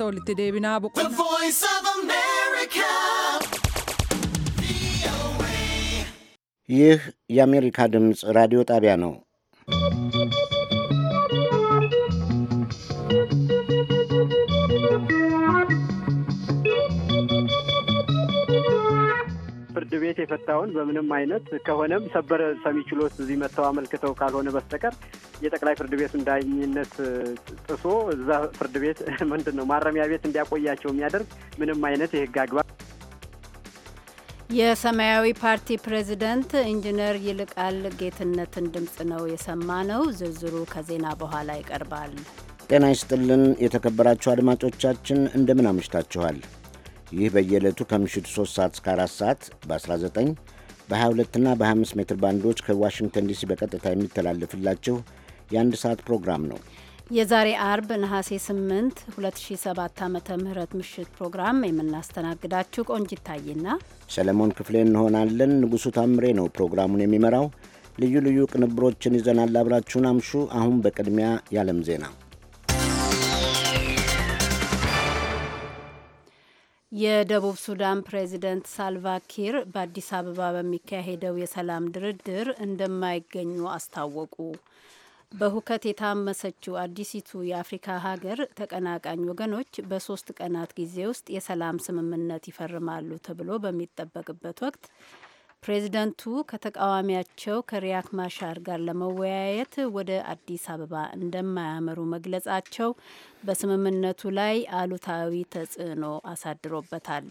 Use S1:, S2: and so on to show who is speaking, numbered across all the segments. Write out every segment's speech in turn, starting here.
S1: ሶሊትዴቢና ቮይስ ኦፍ አሜሪካ
S2: ይህ የአሜሪካ ድምፅ ራዲዮ ጣቢያ ነው።
S3: የፈታውን በምንም አይነት ከሆነም ሰበር ሰሚ ችሎት እዚህ መጥተው አመልክተው ካልሆነ በስተቀር የጠቅላይ ፍርድ ቤቱን ዳኝነት ጥሶ እዛ ፍርድ ቤት ምንድን ነው ማረሚያ ቤት እንዲያቆያቸው የሚያደርግ ምንም አይነት የህግ አግባብ
S4: የሰማያዊ ፓርቲ ፕሬዚደንት ኢንጂነር ይልቃል ጌትነትን ድምፅ ነው የሰማ ነው። ዝርዝሩ ከዜና በኋላ ይቀርባል።
S2: ጤና ይስጥልን የተከበራችሁ አድማጮቻችን እንደምን አምሽታችኋል? ይህ በየዕለቱ ከምሽቱ 3 ሰዓት እስከ 4 ሰዓት በ19 22 እና በ25 ሜትር ባንዶች ከዋሽንግተን ዲሲ በቀጥታ የሚተላለፍላችሁ የአንድ ሰዓት ፕሮግራም ነው።
S4: የዛሬ አርብ ነሐሴ 8 2007 ዓ ም ምሽት ፕሮግራም የምናስተናግዳችሁ ቆንጂት ታዬና
S2: ሰለሞን ክፍሌ እንሆናለን። ንጉሡ ታምሬ ነው ፕሮግራሙን የሚመራው። ልዩ ልዩ ቅንብሮችን ይዘናል። አብራችሁን አምሹ። አሁን በቅድሚያ ያለም ዜና
S4: የደቡብ ሱዳን ፕሬዚደንት ሳልቫ ኪር በአዲስ አበባ በሚካሄደው የሰላም ድርድር እንደማይገኙ አስታወቁ። በሁከት የታመሰችው አዲሲቱ የአፍሪካ ሀገር ተቀናቃኝ ወገኖች በሶስት ቀናት ጊዜ ውስጥ የሰላም ስምምነት ይፈርማሉ ተብሎ በሚጠበቅበት ወቅት ፕሬዚደንቱ ከተቃዋሚያቸው ከሪያክ ማሻር ጋር ለመወያየት ወደ አዲስ አበባ እንደማያመሩ መግለጻቸው በስምምነቱ ላይ አሉታዊ ተጽዕኖ አሳድሮበታል።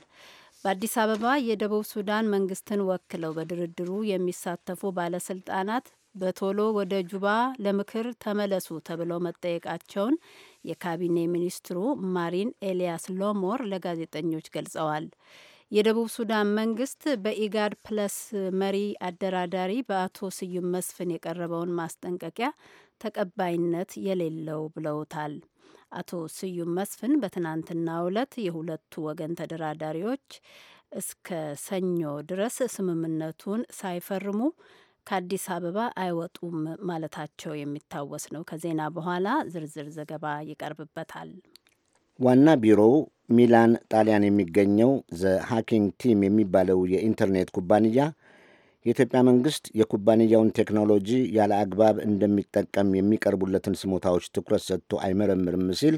S4: በአዲስ አበባ የደቡብ ሱዳን መንግስትን ወክለው በድርድሩ የሚሳተፉ ባለስልጣናት በቶሎ ወደ ጁባ ለምክር ተመለሱ ተብለው መጠየቃቸውን የካቢኔ ሚኒስትሩ ማሪን ኤልያስ ሎሞር ለጋዜጠኞች ገልጸዋል። የደቡብ ሱዳን መንግስት በኢጋድ ፕለስ መሪ አደራዳሪ በአቶ ስዩም መስፍን የቀረበውን ማስጠንቀቂያ ተቀባይነት የሌለው ብለውታል። አቶ ስዩም መስፍን በትናንትናው ዕለት የሁለቱ ወገን ተደራዳሪዎች እስከ ሰኞ ድረስ ስምምነቱን ሳይፈርሙ ከአዲስ አበባ አይወጡም ማለታቸው የሚታወስ ነው። ከዜና በኋላ ዝርዝር ዘገባ ይቀርብበታል።
S2: ዋና ቢሮው ሚላን ጣሊያን የሚገኘው ዘ ሃኪንግ ቲም የሚባለው የኢንተርኔት ኩባንያ የኢትዮጵያ መንግሥት የኩባንያውን ቴክኖሎጂ ያለ አግባብ እንደሚጠቀም የሚቀርቡለትን ስሞታዎች ትኩረት ሰጥቶ አይመረምርም ሲል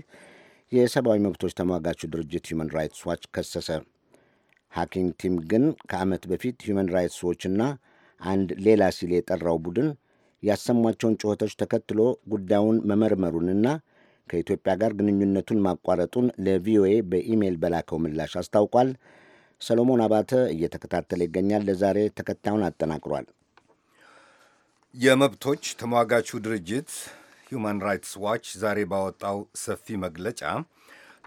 S2: የሰብአዊ መብቶች ተሟጋቹ ድርጅት ሁማን ራይትስ ዋች ከሰሰ። ሃኪንግ ቲም ግን ከዓመት በፊት ሁማን ራይትስ ዎችና አንድ ሌላ ሲል የጠራው ቡድን ያሰሟቸውን ጩኸቶች ተከትሎ ጉዳዩን መመርመሩንና ከኢትዮጵያ ጋር ግንኙነቱን ማቋረጡን ለቪኦኤ በኢሜይል በላከው ምላሽ አስታውቋል። ሰሎሞን አባተ እየተከታተለ ይገኛል። ለዛሬ ተከታዩን አጠናቅሯል።
S5: የመብቶች ተሟጋቹ ድርጅት ሁማን ራይትስ ዋች ዛሬ ባወጣው ሰፊ መግለጫ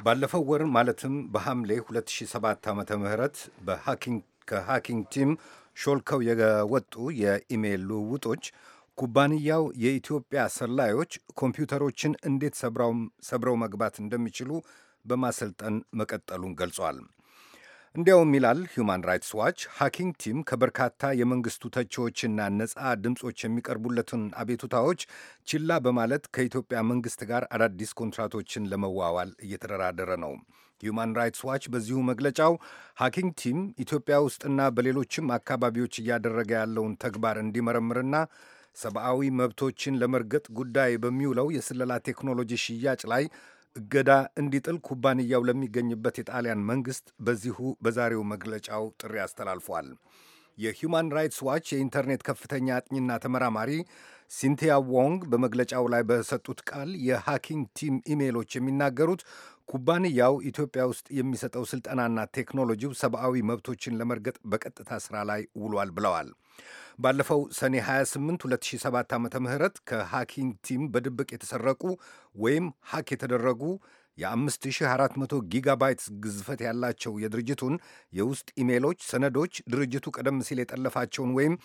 S5: ባለፈው ወር ማለትም በሐምሌ 2007 ዓ ም ከሃኪንግ ቲም ሾልከው የወጡ የኢሜይል ልውውጦች ኩባንያው የኢትዮጵያ ሰላዮች ኮምፒውተሮችን እንዴት ሰብረው መግባት እንደሚችሉ በማሰልጠን መቀጠሉን ገልጿል። እንዲያውም ይላል ሁማን ራይትስ ዋች ሃኪንግ ቲም ከበርካታ የመንግስቱ ተቺዎችና ነፃ ድምፆች የሚቀርቡለትን አቤቱታዎች ችላ በማለት ከኢትዮጵያ መንግስት ጋር አዳዲስ ኮንትራቶችን ለመዋዋል እየተደራደረ ነው። ሁማን ራይትስ ዋች በዚሁ መግለጫው ሃኪንግ ቲም ኢትዮጵያ ውስጥና በሌሎችም አካባቢዎች እያደረገ ያለውን ተግባር እንዲመረምርና ሰብአዊ መብቶችን ለመርገጥ ጉዳይ በሚውለው የስለላ ቴክኖሎጂ ሽያጭ ላይ እገዳ እንዲጥል ኩባንያው ለሚገኝበት የጣሊያን መንግሥት በዚሁ በዛሬው መግለጫው ጥሪ አስተላልፏል። የሁማን ራይትስ ዋች የኢንተርኔት ከፍተኛ አጥኚና ተመራማሪ ሲንቲያ ዎንግ በመግለጫው ላይ በሰጡት ቃል የሃኪንግ ቲም ኢሜሎች የሚናገሩት ኩባንያው ኢትዮጵያ ውስጥ የሚሰጠው ስልጠናና ቴክኖሎጂው ሰብአዊ መብቶችን ለመርገጥ በቀጥታ ስራ ላይ ውሏል ብለዋል። ባለፈው ሰኔ 28 2007 ዓ ም ከሃኪንግ ቲም በድብቅ የተሰረቁ ወይም ሀክ የተደረጉ የ5400 ጊጋባይት ግዝፈት ያላቸው የድርጅቱን የውስጥ ኢሜሎች፣ ሰነዶች ድርጅቱ ቀደም ሲል የጠለፋቸውን ወይም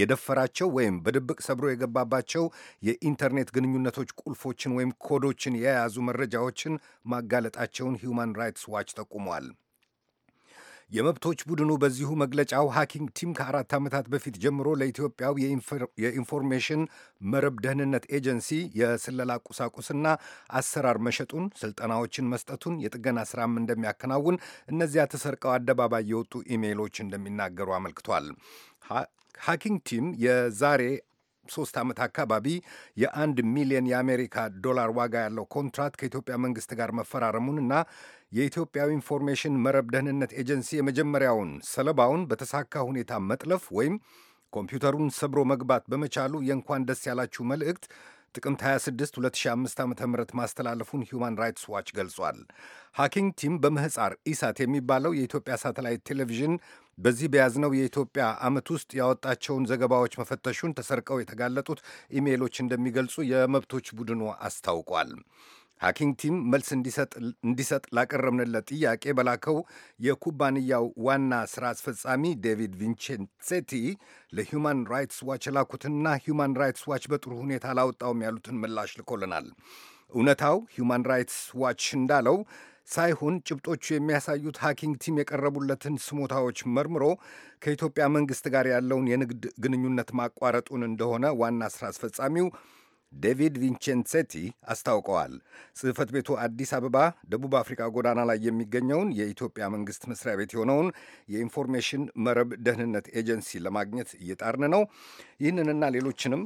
S5: የደፈራቸው ወይም በድብቅ ሰብሮ የገባባቸው የኢንተርኔት ግንኙነቶች ቁልፎችን ወይም ኮዶችን የያዙ መረጃዎችን ማጋለጣቸውን ሂዩማን ራይትስ ዋች ጠቁመዋል። የመብቶች ቡድኑ በዚሁ መግለጫው ሃኪንግ ቲም ከአራት ዓመታት በፊት ጀምሮ ለኢትዮጵያው የኢንፎርሜሽን መረብ ደህንነት ኤጀንሲ የስለላ ቁሳቁስና አሰራር መሸጡን፣ ስልጠናዎችን መስጠቱን፣ የጥገና ስራም እንደሚያከናውን እነዚያ ተሰርቀው አደባባይ የወጡ ኢሜይሎች እንደሚናገሩ አመልክቷል። ሃኪንግ ቲም የዛሬ ሶስት ዓመት አካባቢ የአንድ ሚሊዮን የአሜሪካ ዶላር ዋጋ ያለው ኮንትራት ከኢትዮጵያ መንግስት ጋር መፈራረሙን እና የኢትዮጵያ ኢንፎርሜሽን መረብ ደህንነት ኤጀንሲ የመጀመሪያውን ሰለባውን በተሳካ ሁኔታ መጥለፍ ወይም ኮምፒውተሩን ሰብሮ መግባት በመቻሉ የእንኳን ደስ ያላችሁ መልእክት ጥቅምት 26 2005 ዓ ም ማስተላለፉን ሁማን ራይትስ ዋች ገልጿል። ሃኪንግ ቲም በምህፃር ኢሳት የሚባለው የኢትዮጵያ ሳተላይት ቴሌቪዥን በዚህ በያዝነው የኢትዮጵያ ዓመት ውስጥ ያወጣቸውን ዘገባዎች መፈተሹን ተሰርቀው የተጋለጡት ኢሜይሎች እንደሚገልጹ የመብቶች ቡድኑ አስታውቋል። ሐኪንግ ቲም መልስ እንዲሰጥ ላቀረብንለት ጥያቄ በላከው የኩባንያው ዋና ሥራ አስፈጻሚ ዴቪድ ቪንቼንሴቲ ለሁማን ራይትስ ዋች የላኩትንና ሁማን ራይትስ ዋች በጥሩ ሁኔታ አላወጣውም ያሉትን ምላሽ ልኮልናል። እውነታው ሁማን ራይትስ ዋች እንዳለው ሳይሆን ጭብጦቹ የሚያሳዩት ሐኪንግ ቲም የቀረቡለትን ስሞታዎች መርምሮ ከኢትዮጵያ መንግሥት ጋር ያለውን የንግድ ግንኙነት ማቋረጡን እንደሆነ ዋና ሥራ አስፈጻሚው ዴቪድ ቪንቼንሴቲ አስታውቀዋል። ጽህፈት ቤቱ አዲስ አበባ ደቡብ አፍሪካ ጎዳና ላይ የሚገኘውን የኢትዮጵያ መንግስት መስሪያ ቤት የሆነውን የኢንፎርሜሽን መረብ ደህንነት ኤጀንሲ ለማግኘት እየጣርን ነው። ይህንንና ሌሎችንም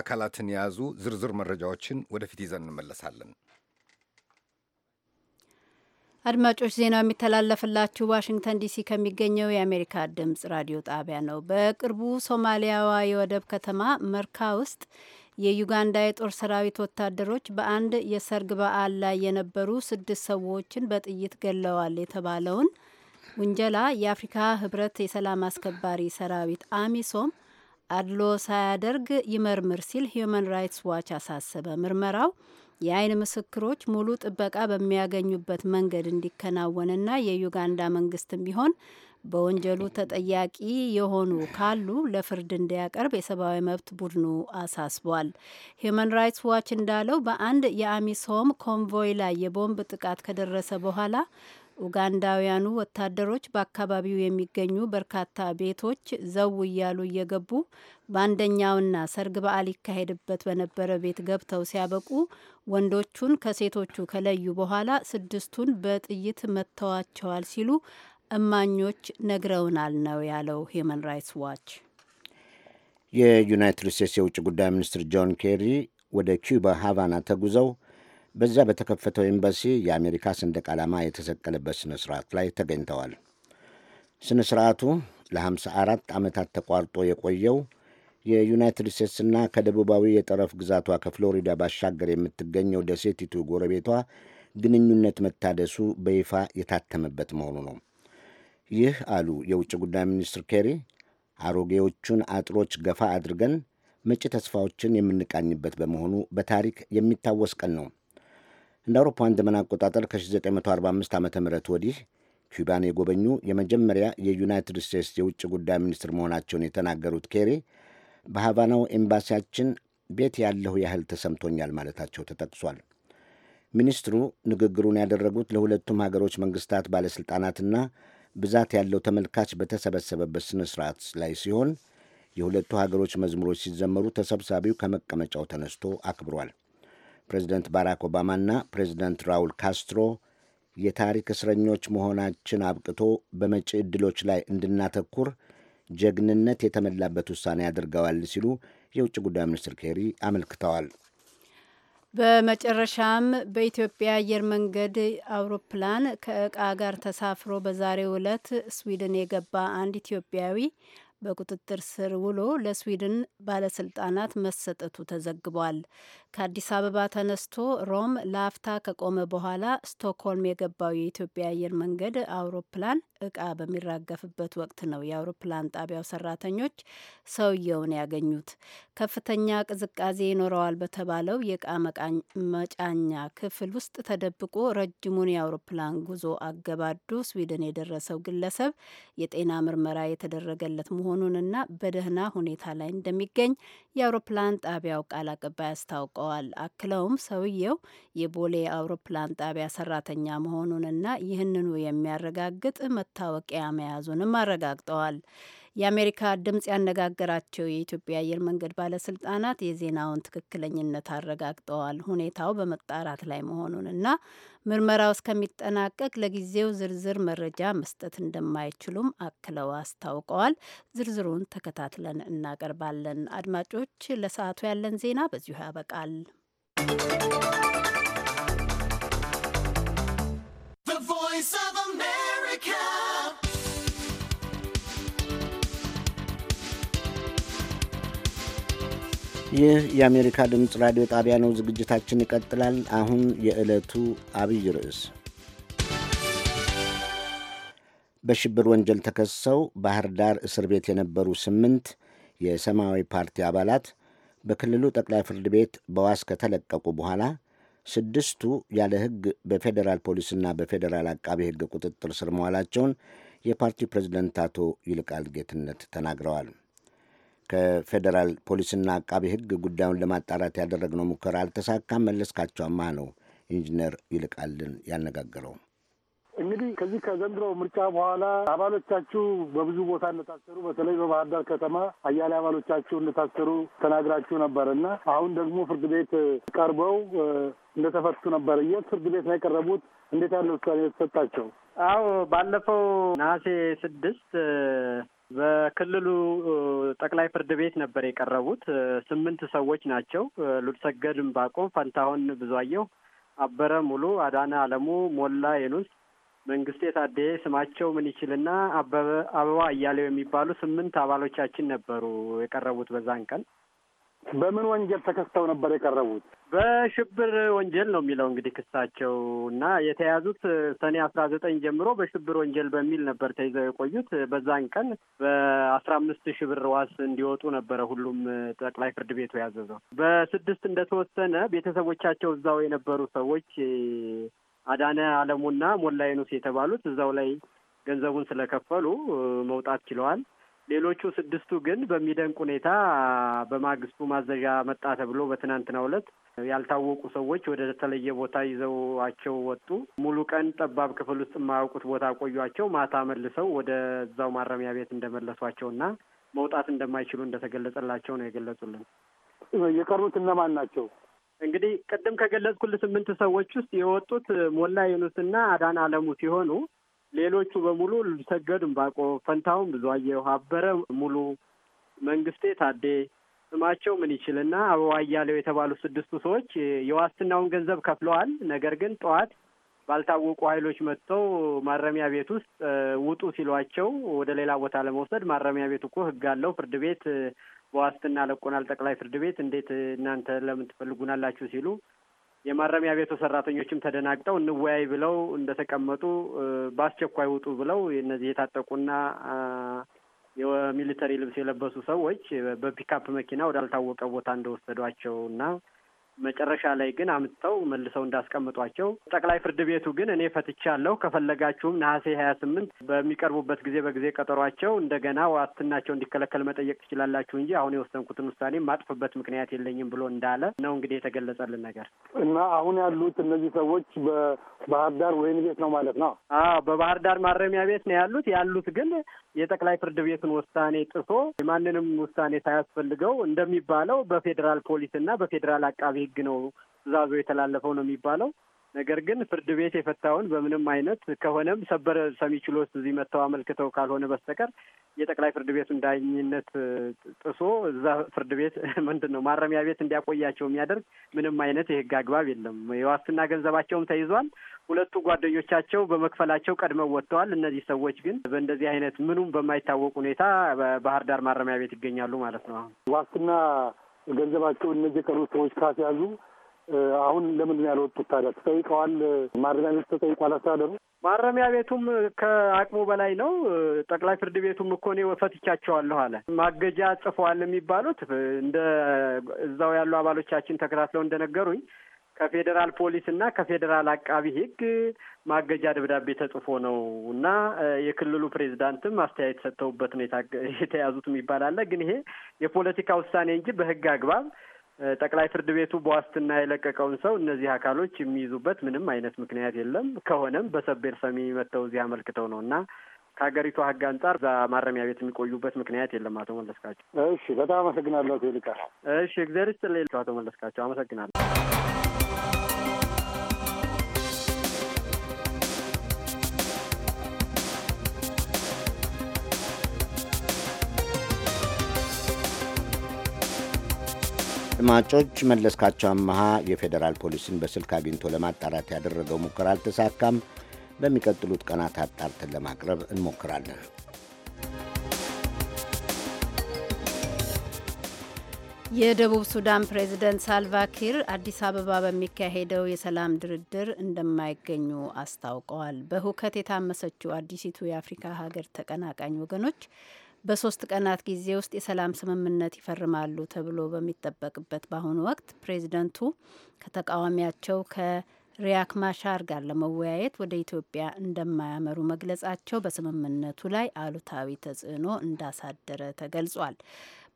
S5: አካላትን የያዙ ዝርዝር መረጃዎችን ወደፊት ይዘን እንመለሳለን።
S4: አድማጮች ዜናው የሚተላለፍላችሁ ዋሽንግተን ዲሲ ከሚገኘው የአሜሪካ ድምጽ ራዲዮ ጣቢያ ነው። በቅርቡ ሶማሊያዋ የወደብ ከተማ መርካ ውስጥ የዩጋንዳ የጦር ሰራዊት ወታደሮች በአንድ የሰርግ በዓል ላይ የነበሩ ስድስት ሰዎችን በጥይት ገለዋል የተባለውን ውንጀላ የአፍሪካ ህብረት የሰላም አስከባሪ ሰራዊት አሚሶም አድሎ ሳያደርግ ይመርምር ሲል ሂዩማን ራይትስ ዋች አሳሰበ። ምርመራው የአይን ምስክሮች ሙሉ ጥበቃ በሚያገኙበት መንገድ እንዲከናወንና የዩጋንዳ መንግስትም ቢሆን በወንጀሉ ተጠያቂ የሆኑ ካሉ ለፍርድ እንዲያቀርብ የሰብአዊ መብት ቡድኑ አሳስቧል። ሂዩማን ራይትስ ዋች እንዳለው በአንድ የአሚሶም ኮንቮይ ላይ የቦምብ ጥቃት ከደረሰ በኋላ ኡጋንዳውያኑ ወታደሮች በአካባቢው የሚገኙ በርካታ ቤቶች ዘው እያሉ እየገቡ በአንደኛውና ሰርግ በዓል ይካሄድበት በነበረ ቤት ገብተው ሲያበቁ ወንዶቹን ከሴቶቹ ከለዩ በኋላ ስድስቱን በጥይት መጥተዋቸዋል ሲሉ እማኞች ነግረውናል ነው ያለው ሂዩማን ራይትስ ዋች።
S2: የዩናይትድ ስቴትስ የውጭ ጉዳይ ሚኒስትር ጆን ኬሪ ወደ ኪዩባ ሃቫና ተጉዘው በዚያ በተከፈተው ኤምባሲ የአሜሪካ ሰንደቅ ዓላማ የተሰቀለበት ሥነ ሥርዓት ላይ ተገኝተዋል። ሥነ ሥርዓቱ ለ54 ዓመታት ተቋርጦ የቆየው የዩናይትድ ስቴትስና ከደቡባዊ የጠረፍ ግዛቷ ከፍሎሪዳ ባሻገር የምትገኘው ደሴቲቱ ጎረቤቷ ግንኙነት መታደሱ በይፋ የታተመበት መሆኑ ነው። ይህ አሉ የውጭ ጉዳይ ሚኒስትር ኬሪ አሮጌዎቹን አጥሮች ገፋ አድርገን መጪ ተስፋዎችን የምንቃኝበት በመሆኑ በታሪክ የሚታወስ ቀን ነው። እንደ አውሮፓውያን ዘመን አቆጣጠር ከ1945 ዓ ም ወዲህ ኪውባን የጎበኙ የመጀመሪያ የዩናይትድ ስቴትስ የውጭ ጉዳይ ሚኒስትር መሆናቸውን የተናገሩት ኬሪ በሀቫናው ኤምባሲያችን ቤት ያለሁ ያህል ተሰምቶኛል ማለታቸው ተጠቅሷል። ሚኒስትሩ ንግግሩን ያደረጉት ለሁለቱም ሀገሮች መንግስታት ባለሥልጣናትና ብዛት ያለው ተመልካች በተሰበሰበበት ስነ ስርዓት ላይ ሲሆን የሁለቱ ሀገሮች መዝሙሮች ሲዘመሩ ተሰብሳቢው ከመቀመጫው ተነስቶ አክብሯል። ፕሬዚደንት ባራክ ኦባማና ፕሬዚደንት ራውል ካስትሮ የታሪክ እስረኞች መሆናችን አብቅቶ በመጪ ዕድሎች ላይ እንድናተኩር ጀግንነት የተሞላበት ውሳኔ አድርገዋል ሲሉ የውጭ ጉዳይ ሚኒስትር ኬሪ አመልክተዋል።
S4: በመጨረሻም በኢትዮጵያ አየር መንገድ አውሮፕላን ከእቃ ጋር ተሳፍሮ በዛሬው ዕለት ስዊድን የገባ አንድ ኢትዮጵያዊ በቁጥጥር ስር ውሎ ለስዊድን ባለስልጣናት መሰጠቱ ተዘግቧል። ከአዲስ አበባ ተነስቶ ሮም ላፍታ ከቆመ በኋላ ስቶክሆልም የገባው የኢትዮጵያ አየር መንገድ አውሮፕላን እቃ በሚራገፍበት ወቅት ነው የአውሮፕላን ጣቢያው ሰራተኞች ሰውየውን ያገኙት። ከፍተኛ ቅዝቃዜ ይኖረዋል በተባለው የእቃ መጫኛ ክፍል ውስጥ ተደብቆ ረጅሙን የአውሮፕላን ጉዞ አገባዱ ስዊድን የደረሰው ግለሰብ የጤና ምርመራ የተደረገለት መሆኑንና በደህና ሁኔታ ላይ እንደሚገኝ የአውሮፕላን ጣቢያው ቃል አቀባይ አስታውቋል። ገልጸዋል። አክለውም ሰውየው የቦሌ አውሮፕላን ጣቢያ ሰራተኛ መሆኑንና ይህንኑ የሚያረጋግጥ መታወቂያ መያዙንም አረጋግጠዋል። የአሜሪካ ድምጽ ያነጋገራቸው የኢትዮጵያ አየር መንገድ ባለስልጣናት የዜናውን ትክክለኝነት አረጋግጠዋል። ሁኔታው በመጣራት ላይ መሆኑን መሆኑንና ምርመራው እስከሚጠናቀቅ ለጊዜው ዝርዝር መረጃ መስጠት እንደማይችሉም አክለው አስታውቀዋል። ዝርዝሩን ተከታትለን እናቀርባለን። አድማጮች፣ ለሰዓቱ ያለን ዜና በዚሁ ያበቃል።
S2: ይህ የአሜሪካ ድምፅ ራዲዮ ጣቢያ ነው። ዝግጅታችን ይቀጥላል። አሁን የዕለቱ አብይ ርዕስ በሽብር ወንጀል ተከሰው ባህር ዳር እስር ቤት የነበሩ ስምንት የሰማያዊ ፓርቲ አባላት በክልሉ ጠቅላይ ፍርድ ቤት በዋስ ከተለቀቁ በኋላ ስድስቱ ያለ ሕግ በፌዴራል ፖሊስና በፌዴራል አቃቤ ሕግ ቁጥጥር ስር መዋላቸውን የፓርቲው ፕሬዝደንት አቶ ይልቃል ጌትነት ተናግረዋል። ከፌዴራል ፖሊስና አቃቢ ሕግ ጉዳዩን ለማጣራት ያደረግነው ሙከራ አልተሳካም። መለስካቸው አማሃ ነው ኢንጂነር ይልቃልን ያነጋገረው።
S6: እንግዲህ ከዚህ ከዘንድሮ ምርጫ በኋላ አባሎቻችሁ በብዙ ቦታ እንደታሰሩ በተለይ በባህር ዳር ከተማ አያሌ አባሎቻችሁ እንደታሰሩ ተናግራችሁ ነበር እና አሁን ደግሞ ፍርድ ቤት ቀርበው እንደተፈቱ ነበር። የት ፍርድ ቤት ነው የቀረቡት? እንዴት ያለ ውሳኔ የተሰጣቸው?
S3: አዎ ባለፈው ነሐሴ ስድስት በክልሉ ጠቅላይ ፍርድ ቤት ነበር የቀረቡት። ስምንት ሰዎች ናቸው። ሉድሰገድ እምባቆም፣ ፈንታሁን ብዙአየሁ፣ አበረ ሙሉ፣ አዳነ አለሙ፣ ሞላ የኑስ፣ መንግስቴ ታደየ፣ ስማቸው ምን ይችልና አበባ አያሌው የሚባሉ ስምንት አባሎቻችን ነበሩ የቀረቡት በዛን ቀን
S6: በምን ወንጀል ተከስተው ነበር የቀረቡት?
S3: በሽብር ወንጀል ነው የሚለው እንግዲህ ክሳቸው እና የተያዙት ሰኔ አስራ ዘጠኝ ጀምሮ በሽብር ወንጀል በሚል ነበር ተይዘው የቆዩት። በዛን ቀን በአስራ አምስት ሺህ ብር ዋስ እንዲወጡ ነበረ ሁሉም ጠቅላይ ፍርድ ቤቱ ያዘዘው። በስድስት እንደተወሰነ ቤተሰቦቻቸው እዛው የነበሩ ሰዎች አዳነ አለሙና ሞላይኑስ የተባሉት እዛው ላይ ገንዘቡን ስለከፈሉ መውጣት ችለዋል። ሌሎቹ ስድስቱ ግን በሚደንቅ ሁኔታ በማግስቱ ማዘዣ መጣ ተብሎ በትናንትናው ዕለት ያልታወቁ ሰዎች ወደ ተለየ ቦታ ይዘዋቸው ወጡ። ሙሉ ቀን ጠባብ ክፍል ውስጥ የማያውቁት ቦታ ቆዩቸው። ማታ መልሰው ወደ እዛው ማረሚያ ቤት እንደመለሷቸውና መውጣት እንደማይችሉ እንደተገለጸላቸው ነው የገለጹልን።
S6: የቀሩት እነማን ናቸው?
S3: እንግዲህ ቅድም ከገለጽኩል ስምንት ሰዎች ውስጥ የወጡት ሞላ ና አዳን አለሙ ሲሆኑ ሌሎቹ በሙሉ ሰገድ እምባቆ፣ ፈንታሁን ብዙአየሁ፣ አበረ ሙሉ፣ መንግስቴ ታዴ ስማቸው ምን ይችል እና አበባ እያለው የተባሉ ስድስቱ ሰዎች የዋስትናውን ገንዘብ ከፍለዋል። ነገር ግን ጠዋት ባልታወቁ ኃይሎች መጥተው ማረሚያ ቤት ውስጥ ውጡ ሲሏቸው ወደ ሌላ ቦታ ለመውሰድ ማረሚያ ቤት እኮ ህግ አለው ፍርድ ቤት በዋስትና ለቆናል፣ ጠቅላይ ፍርድ ቤት እንዴት እናንተ ለምን ትፈልጉናላችሁ ሲሉ የማረሚያ ቤቱ ሰራተኞችም ተደናግጠው እንወያይ ብለው እንደተቀመጡ በአስቸኳይ ውጡ ብለው እነዚህ የታጠቁና የሚሊተሪ ልብስ የለበሱ ሰዎች በፒካፕ መኪና ወዳልታወቀ ቦታ እንደወሰዷቸው እና መጨረሻ ላይ ግን አምጥተው መልሰው እንዳስቀምጧቸው። ጠቅላይ ፍርድ ቤቱ ግን እኔ ፈትቻለሁ፣ ከፈለጋችሁም ነሐሴ ሀያ ስምንት በሚቀርቡበት ጊዜ በጊዜ ቀጠሯቸው እንደገና ዋስትናቸው እንዲከለከል መጠየቅ ትችላላችሁ እንጂ አሁን የወሰንኩትን ውሳኔ ማጥፍበት ምክንያት የለኝም ብሎ እንዳለ ነው እንግዲህ የተገለጸልን ነገር
S6: እና አሁን ያሉት እነዚህ ሰዎች በባህር ዳር ወህኒ ቤት ነው ማለት ነው።
S3: በባህር ዳር ማረሚያ ቤት ነው ያሉት። ያሉት ግን የጠቅላይ ፍርድ ቤቱን ውሳኔ ጥሶ የማንንም ውሳኔ ሳያስፈልገው እንደሚባለው በፌዴራል ፖሊስ እና በፌዴራል አቃቢ ሕግ ነው ትዕዛዙ የተላለፈው ነው የሚባለው። ነገር ግን ፍርድ ቤት የፈታውን በምንም አይነት ከሆነም ሰበር ሰሚ ችሎት እዚህ መጥተው አመልክተው ካልሆነ በስተቀር የጠቅላይ ፍርድ ቤቱን ዳኝነት ጥሶ እዛ ፍርድ ቤት ምንድን ነው ማረሚያ ቤት እንዲያቆያቸው የሚያደርግ ምንም አይነት የህግ አግባብ የለም። የዋስትና ገንዘባቸውም ተይዟል። ሁለቱ ጓደኞቻቸው በመክፈላቸው ቀድመው ወጥተዋል። እነዚህ ሰዎች ግን በእንደዚህ አይነት ምኑም በማይታወቅ ሁኔታ በባህር ዳር ማረሚያ ቤት ይገኛሉ ማለት ነው።
S6: ዋስትና ገንዘባቸው እነዚህ የቀሩ ሰዎች ካስያዙ አሁን ለምንድን ነው ያልወጡት ታዲያ? ተጠይቀዋል? ማረሚያ ቤት ተጠይቋል አስተዳደሩ? ማረሚያ
S3: ቤቱም ከአቅሙ በላይ ነው። ጠቅላይ ፍርድ ቤቱም እኮ እኔ ፈትቻቸዋለሁ አለ። ማገጃ ጽፈዋል የሚባሉት እንደ እዛው ያሉ አባሎቻችን ተከታትለው እንደነገሩኝ ከፌዴራል ፖሊስ እና ከፌዴራል አቃቢ ሕግ ማገጃ ደብዳቤ ተጽፎ ነው እና የክልሉ ፕሬዚዳንትም አስተያየት ሰጥተውበት ነው የተያዙት የሚባል አለ። ግን ይሄ የፖለቲካ ውሳኔ እንጂ በሕግ አግባብ ጠቅላይ ፍርድ ቤቱ በዋስትና የለቀቀውን ሰው እነዚህ አካሎች የሚይዙበት ምንም አይነት ምክንያት የለም። ከሆነም በሰቤር ሰሚ መጥተው እዚህ አመልክተው ነው እና ከሀገሪቱ ሕግ አንጻር እዛ ማረሚያ ቤት የሚቆዩበት ምክንያት የለም። አቶ መለስካቸው፣ እሺ፣ በጣም አመሰግናለሁ አቶ እሺ፣ እግዚአብሔር ይስጥልኝ አቶ መለስካቸው፣ አመሰግናለሁ።
S2: አድማጮች መለስካቸው አመሃ የፌዴራል ፖሊስን በስልክ አግኝቶ ለማጣራት ያደረገው ሙከራ አልተሳካም። በሚቀጥሉት ቀናት አጣርተን ለማቅረብ እንሞክራለን።
S4: የደቡብ ሱዳን ፕሬዝደንት ሳልቫኪር አዲስ አበባ በሚካሄደው የሰላም ድርድር እንደማይገኙ አስታውቀዋል። በሁከት የታመሰችው አዲሲቱ የአፍሪካ ሀገር ተቀናቃኝ ወገኖች በሶስት ቀናት ጊዜ ውስጥ የሰላም ስምምነት ይፈርማሉ ተብሎ በሚጠበቅበት በአሁኑ ወቅት ፕሬዚደንቱ ከተቃዋሚያቸው ከሪያክ ማሻር ጋር ለመወያየት ወደ ኢትዮጵያ እንደማያመሩ መግለጻቸው በስምምነቱ ላይ አሉታዊ ተጽዕኖ እንዳሳደረ ተገልጿል።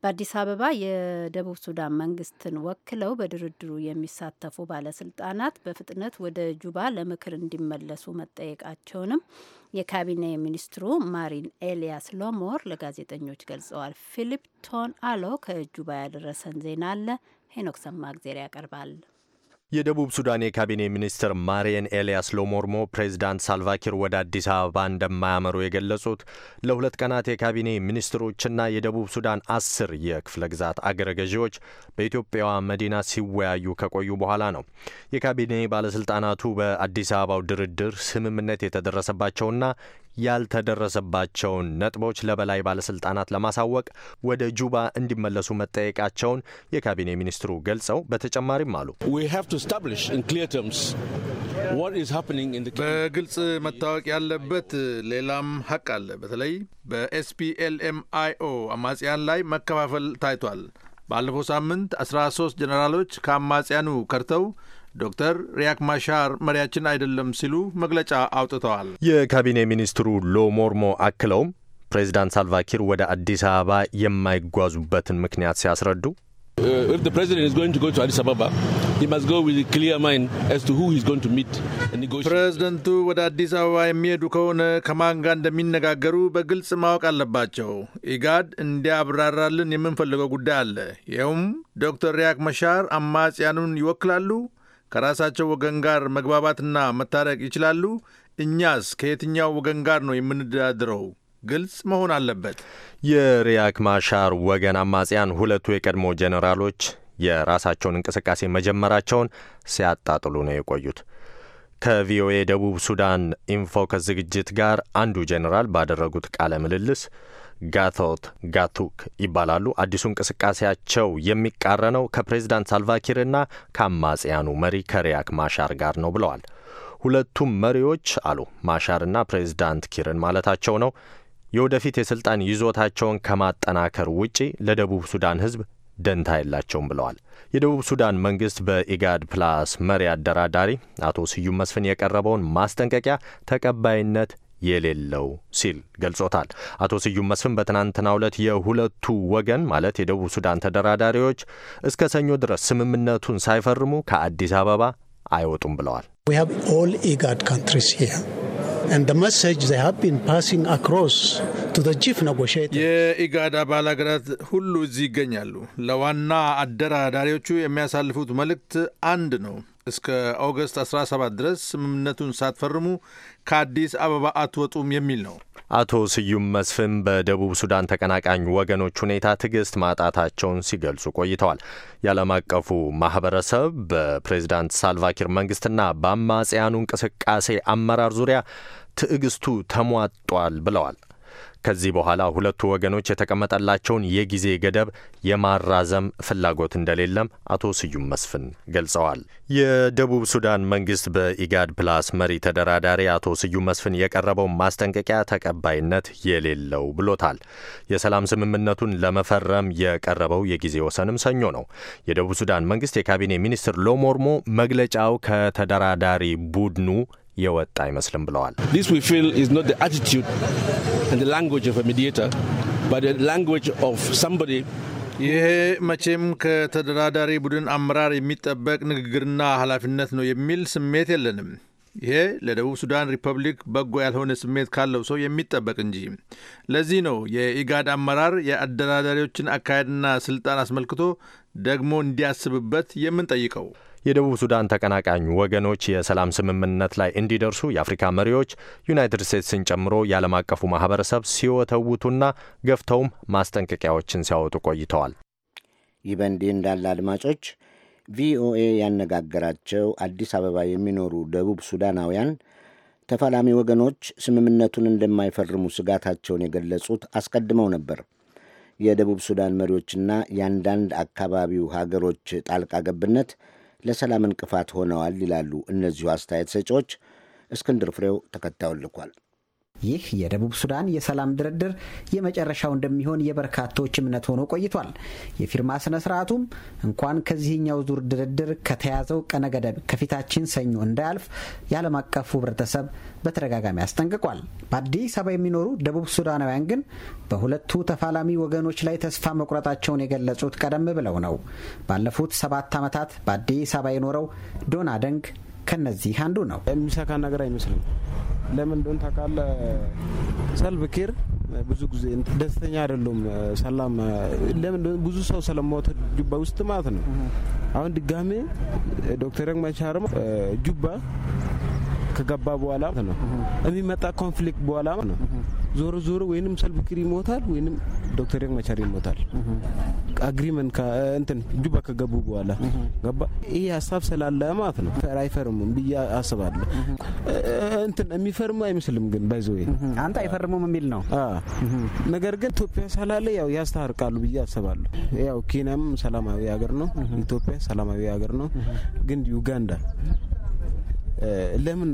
S4: በአዲስ አበባ የደቡብ ሱዳን መንግስትን ወክለው በድርድሩ የሚሳተፉ ባለስልጣናት በፍጥነት ወደ ጁባ ለምክር እንዲመለሱ መጠየቃቸውንም የካቢኔ ሚኒስትሩ ማሪን ኤልያስ ሎሞር ለጋዜጠኞች ገልጸዋል። ፊሊፕ ቶን አሎ ከእጁ ያደረሰን ዜና አለ። ሄኖክ ሰማእግዜር ያቀርባል።
S7: የደቡብ ሱዳን የካቢኔ ሚኒስትር ማሪየን ኤልያስ ሎሞርሞ ፕሬዚዳንት ሳልቫኪር ወደ አዲስ አበባ እንደማያመሩ የገለጹት ለሁለት ቀናት የካቢኔ ሚኒስትሮችና የደቡብ ሱዳን አስር የክፍለ ግዛት አገረ ገዢዎች በኢትዮጵያዋ መዲና ሲወያዩ ከቆዩ በኋላ ነው። የካቢኔ ባለስልጣናቱ በአዲስ አበባው ድርድር ስምምነት የተደረሰባቸውና ያልተደረሰባቸውን ነጥቦች ለበላይ ባለስልጣናት ለማሳወቅ ወደ ጁባ እንዲመለሱ መጠየቃቸውን የካቢኔ ሚኒስትሩ ገልጸው በተጨማሪም አሉ በግልጽ መታወቅ
S8: ያለበት ሌላም ሀቅ አለ። በተለይ በኤስፒኤልኤምአይኦ አማጽያን ላይ መከፋፈል ታይቷል። ባለፈው ሳምንት 13 ጀኔራሎች ከአማጽያኑ ከርተው ዶክተር ሪያክ ማሻር መሪያችን አይደለም ሲሉ መግለጫ አውጥተዋል።
S7: የካቢኔ ሚኒስትሩ ሎሞርሞ አክለውም ፕሬዚዳንት ሳልቫኪር ወደ አዲስ አበባ የማይጓዙበትን ምክንያት ሲያስረዱ
S8: uh, ፕሬዝደንቱ ወደ አዲስ አበባ የሚሄዱ ከሆነ ከማን ጋር እንደሚነጋገሩ በግልጽ ማወቅ አለባቸው። ኢጋድ እንዲያብራራልን የምንፈልገው ጉዳይ አለ። ይኸውም ዶክተር ሪያክ መሻር አማጽያኑን ይወክላሉ ከራሳቸው ወገን ጋር መግባባትና መታረቅ ይችላሉ? እኛስ ከየትኛው ወገን ጋር ነው የምንደዳድረው? ግልጽ መሆን አለበት።
S7: የሪያክ ማሻር ወገን አማጽያን ሁለቱ የቀድሞ ጄኔራሎች የራሳቸውን እንቅስቃሴ መጀመራቸውን ሲያጣጥሉ ነው የቆዩት። ከቪኦኤ ደቡብ ሱዳን ኢንፎከስ ዝግጅት ጋር አንዱ ጄኔራል ባደረጉት ቃለ ምልልስ ጋቶት ጋቱክ ይባላሉ። አዲሱ እንቅስቃሴያቸው የሚቃረነው ከፕሬዚዳንት ሳልቫኪርና ከአማጽያኑ መሪ ከሪያክ ማሻር ጋር ነው ብለዋል። ሁለቱም መሪዎች አሉ ማሻርና ፕሬዚዳንት ኪርን ማለታቸው ነው የወደፊት የስልጣን ይዞታቸውን ከማጠናከር ውጪ ለደቡብ ሱዳን ሕዝብ ደንታ የላቸውም ብለዋል። የደቡብ ሱዳን መንግስት በኢጋድ ፕላስ መሪ አደራዳሪ አቶ ስዩም መስፍን የቀረበውን ማስጠንቀቂያ ተቀባይነት የሌለው ሲል ገልጾታል። አቶ ስዩም መስፍን በትናንትናው ዕለት የሁለቱ ወገን ማለት የደቡብ ሱዳን ተደራዳሪዎች እስከ ሰኞ ድረስ ስምምነቱን ሳይፈርሙ ከአዲስ አበባ አይወጡም ብለዋል።
S9: e
S8: የኢጋድ አባል ሀገራት ሁሉ እዚህ ይገኛሉ። ለዋና አደራዳሪዎቹ የሚያሳልፉት መልእክት አንድ ነው። እስከ ኦገስት 17 ድረስ ስምምነቱን ሳትፈርሙ ከአዲስ አበባ
S7: አትወጡም የሚል ነው። አቶ ስዩም መስፍን በደቡብ ሱዳን ተቀናቃኝ ወገኖች ሁኔታ ትዕግስት ማጣታቸውን ሲገልጹ ቆይተዋል። የዓለም አቀፉ ማህበረሰብ በፕሬዚዳንት ሳልቫኪር መንግስትና በአማጽያኑ እንቅስቃሴ አመራር ዙሪያ ትዕግስቱ ተሟጧል ብለዋል። ከዚህ በኋላ ሁለቱ ወገኖች የተቀመጠላቸውን የጊዜ ገደብ የማራዘም ፍላጎት እንደሌለም አቶ ስዩም መስፍን ገልጸዋል። የደቡብ ሱዳን መንግስት በኢጋድ ፕላስ መሪ ተደራዳሪ አቶ ስዩም መስፍን የቀረበውን ማስጠንቀቂያ ተቀባይነት የሌለው ብሎታል። የሰላም ስምምነቱን ለመፈረም የቀረበው የጊዜ ወሰንም ሰኞ ነው። የደቡብ ሱዳን መንግስት የካቢኔ ሚኒስትር ሎሞርሞ መግለጫው ከተደራዳሪ ቡድኑ የወጣ አይመስልም ብለዋል።
S8: ይሄ መቼም ከተደራዳሪ ቡድን አመራር የሚጠበቅ ንግግርና ኃላፊነት ነው የሚል ስሜት የለንም። ይሄ ለደቡብ ሱዳን ሪፐብሊክ በጎ ያልሆነ ስሜት ካለው ሰው የሚጠበቅ እንጂ። ለዚህ ነው የኢጋድ አመራር የአደራዳሪዎችን አካሄድና ስልጣን አስመልክቶ ደግሞ እንዲያስብበት የምንጠይቀው።
S7: የደቡብ ሱዳን ተቀናቃኝ ወገኖች የሰላም ስምምነት ላይ እንዲደርሱ የአፍሪካ መሪዎች ዩናይትድ ስቴትስን ጨምሮ የዓለም አቀፉ ማህበረሰብ ሲወተውቱና ገፍተውም ማስጠንቀቂያዎችን ሲያወጡ ቆይተዋል።
S2: ይህ በእንዲህ እንዳለ አድማጮች ቪኦኤ ያነጋገራቸው አዲስ አበባ የሚኖሩ ደቡብ ሱዳናውያን ተፋላሚ ወገኖች ስምምነቱን እንደማይፈርሙ ስጋታቸውን የገለጹት አስቀድመው ነበር። የደቡብ ሱዳን መሪዎችና የአንዳንድ አካባቢው ሀገሮች ጣልቃ ገብነት ለሰላም እንቅፋት ሆነዋል ይላሉ እነዚሁ አስተያየት ሰጪዎች። እስክንድር ፍሬው ተከታዩን ልኳል።
S1: ይህ የደቡብ ሱዳን የሰላም ድርድር የመጨረሻው እንደሚሆን የበርካቶች እምነት ሆኖ ቆይቷል። የፊርማ ስነ ስርዓቱም እንኳን ከዚህኛው ዙር ድርድር ከተያዘው ቀነ ገደብ ከፊታችን ሰኞ እንዳያልፍ የዓለም አቀፉ ህብረተሰብ በተደጋጋሚ አስጠንቅቋል። በአዲስ አበባ የሚኖሩ ደቡብ ሱዳናውያን ግን በሁለቱ ተፋላሚ ወገኖች ላይ ተስፋ መቁረጣቸውን የገለጹት ቀደም ብለው ነው። ባለፉት ሰባት ዓመታት በአዲስ አበባ የኖረው
S9: ዶና ደንግ ከነዚህ አንዱ ነው። የሚሰካ ነገር አይመስልም። ለምን እንደሆነ ታውቃለህ? ሰልፍ ኬር ብዙ ጊዜ ደስተኛ አይደለም። ሰላም ለምን ብዙ ሰው ስለሞተ ጁባ ውስጥ ማለት ነው። አሁን ድጋሜ ዶክተር መቻርም ጁባ ከገባ በኋላ ነው የሚመጣ ኮንፍሊክት በኋላ ነው። ዞሮ ዞሮ ወይንም ሰልብኪር ይሞታል ወይንም ዶክተር ሪክ መቻር ይሞታል። አግሪመንት እንትን ጁባ ከገቡ በኋላ ገባ ይህ ሀሳብ ስላለ ማለት ነው አይፈርሙም ብዬ አስባለሁ። እንትን የሚፈርሙ አይመስልም ግን ባይዘ አንተ አይፈርሙም የሚል ነው። ነገር ግን ኢትዮጵያ ስላለ ያው ያስታርቃሉ ብዬ አስባለሁ። ያው ኬንያም ሰላማዊ ሀገር ነው፣ ኢትዮጵያ ሰላማዊ ሀገር ነው። ግን ዩጋንዳ ለምን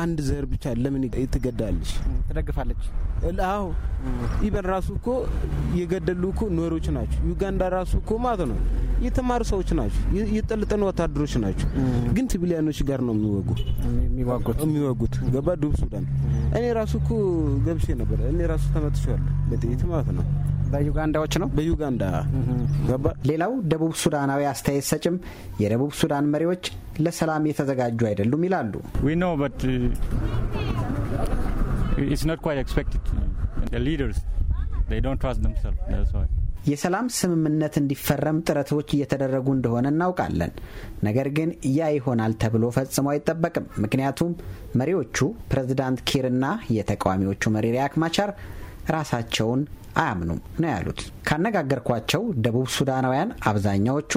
S9: አንድ ዘር ብቻ ለምን ትገዳለች? ትደግፋለች? አዎ ኢቨን ራሱ እኮ የገደሉ እኮ ኖሮች ናቸው። ዩጋንዳ ራሱ እኮ ማለት ነው የተማሩ ሰዎች ናቸው፣ የጠለጠኑ ወታደሮች ናቸው። ግን ትቢሊያኖች ጋር ነው የሚወጉ የሚወጉት። ገባ ደቡብ ሱዳን እኔ ራሱ እኮ ገብሼ ነበር። እኔ ራሱ ተመትቼዋለሁ በጥይት ማለት ነው። በዩጋንዳዎች ነው
S1: በዩጋንዳ ገባ። ሌላው ደቡብ ሱዳናዊ አስተያየት ሰጭም የደቡብ ሱዳን መሪዎች ለሰላም የተዘጋጁ አይደሉም ይላሉ። uh, የሰላም ስምምነት እንዲፈረም ጥረቶች እየተደረጉ እንደሆነ እናውቃለን። ነገር ግን ያ ይሆናል ተብሎ ፈጽሞ አይጠበቅም። ምክንያቱም መሪዎቹ ፕሬዚዳንት ኪርና የተቃዋሚዎቹ መሪ ሪያክ ማቻር ራሳቸውን አያምኑም ነው ያሉት። ካነጋገርኳቸው ደቡብ ሱዳናውያን አብዛኛዎቹ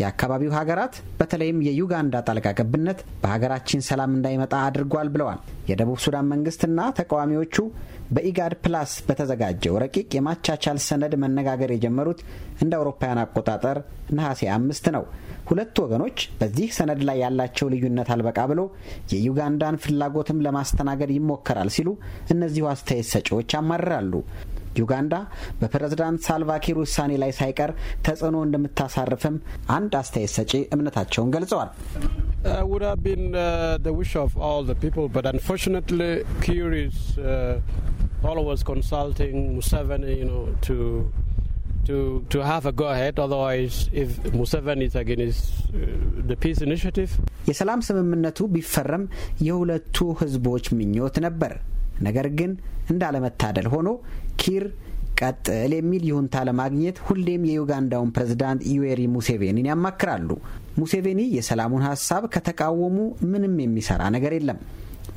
S1: የአካባቢው ሀገራት በተለይም የዩጋንዳ ጣልቃ ገብነት በሀገራችን ሰላም እንዳይመጣ አድርጓል ብለዋል። የደቡብ ሱዳን መንግስትና ተቃዋሚዎቹ በኢጋድ ፕላስ በተዘጋጀው ረቂቅ የማቻቻል ሰነድ መነጋገር የጀመሩት እንደ አውሮፓውያን አቆጣጠር ነሐሴ አምስት ነው። ሁለት ወገኖች በዚህ ሰነድ ላይ ያላቸው ልዩነት አልበቃ ብሎ የዩጋንዳን ፍላጎትም ለማስተናገድ ይሞከራል ሲሉ እነዚሁ አስተያየት ሰጪዎች አማርራሉ። ዩጋንዳ በፕሬዝዳንት ሳልቫኪር ውሳኔ ላይ ሳይቀር ተጽዕኖ እንደምታሳርፍም አንድ አስተያየት ሰጪ እምነታቸውን ገልጸዋል።
S9: uh,
S3: to, to have a go ahead. Otherwise, if Museveni is against uh, the peace
S1: initiative, የሰላም ስምምነቱ ቢፈረም የሁለቱ ህዝቦች ምኞት ነበር። ነገር ግን እንዳለመታደል ሆኖ ኪር ቀጥል የሚል ይሁንታ ለማግኘት ሁሌም የዩጋንዳውን ፕሬዝዳንት ዩዌሪ ሙሴቬኒን ያማክራሉ። ሙሴቬኒ የሰላሙን ሀሳብ ከተቃወሙ ምንም የሚሰራ ነገር የለም።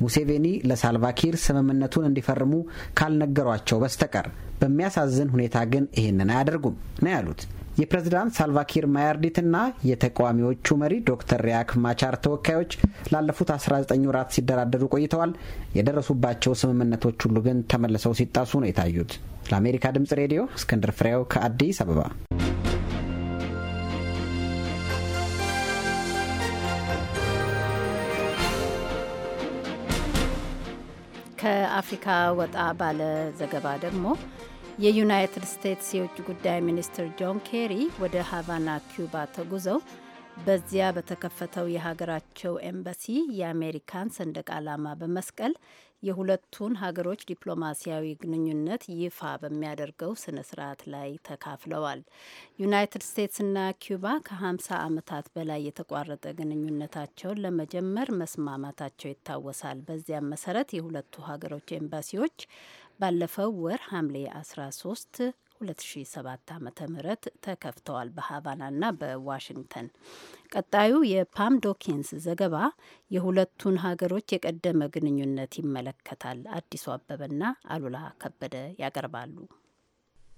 S1: ሙሴቬኒ ለሳልቫኪር ስምምነቱን እንዲፈርሙ ካልነገሯቸው በስተቀር በሚያሳዝን ሁኔታ ግን ይህንን አያደርጉም ነው ያሉት። የፕሬዝዳንት ሳልቫኪር ማያርዲትና የተቃዋሚዎቹ መሪ ዶክተር ሪያክ ማቻር ተወካዮች ላለፉት 19 ወራት ሲደራደሩ ቆይተዋል። የደረሱባቸው ስምምነቶች ሁሉ ግን ተመልሰው ሲጣሱ ነው የታዩት። ለአሜሪካ ድምጽ ሬዲዮ እስክንድር ፍሬው ከአዲስ አበባ።
S4: ከአፍሪካ ወጣ ባለ ዘገባ ደግሞ የዩናይትድ ስቴትስ የውጭ ጉዳይ ሚኒስትር ጆን ኬሪ ወደ ሃቫና ኪዩባ ተጉዘው በዚያ በተከፈተው የሀገራቸው ኤምባሲ የአሜሪካን ሰንደቅ ዓላማ በመስቀል የሁለቱን ሀገሮች ዲፕሎማሲያዊ ግንኙነት ይፋ በሚያደርገው ስነ ስርዓት ላይ ተካፍለዋል። ዩናይትድ ስቴትስና ኪዩባ ከ50 ዓመታት በላይ የተቋረጠ ግንኙነታቸውን ለመጀመር መስማማታቸው ይታወሳል። በዚያም መሰረት የሁለቱ ሀገሮች ኤምባሲዎች ባለፈው ወር ሐምሌ 13 2007 ዓ ም ተከፍተዋል በሀቫናና በዋሽንግተን። ቀጣዩ የፓም ዶኪንስ ዘገባ የሁለቱን ሀገሮች የቀደመ ግንኙነት ይመለከታል። አዲሱ አበበና አሉላ ከበደ ያቀርባሉ።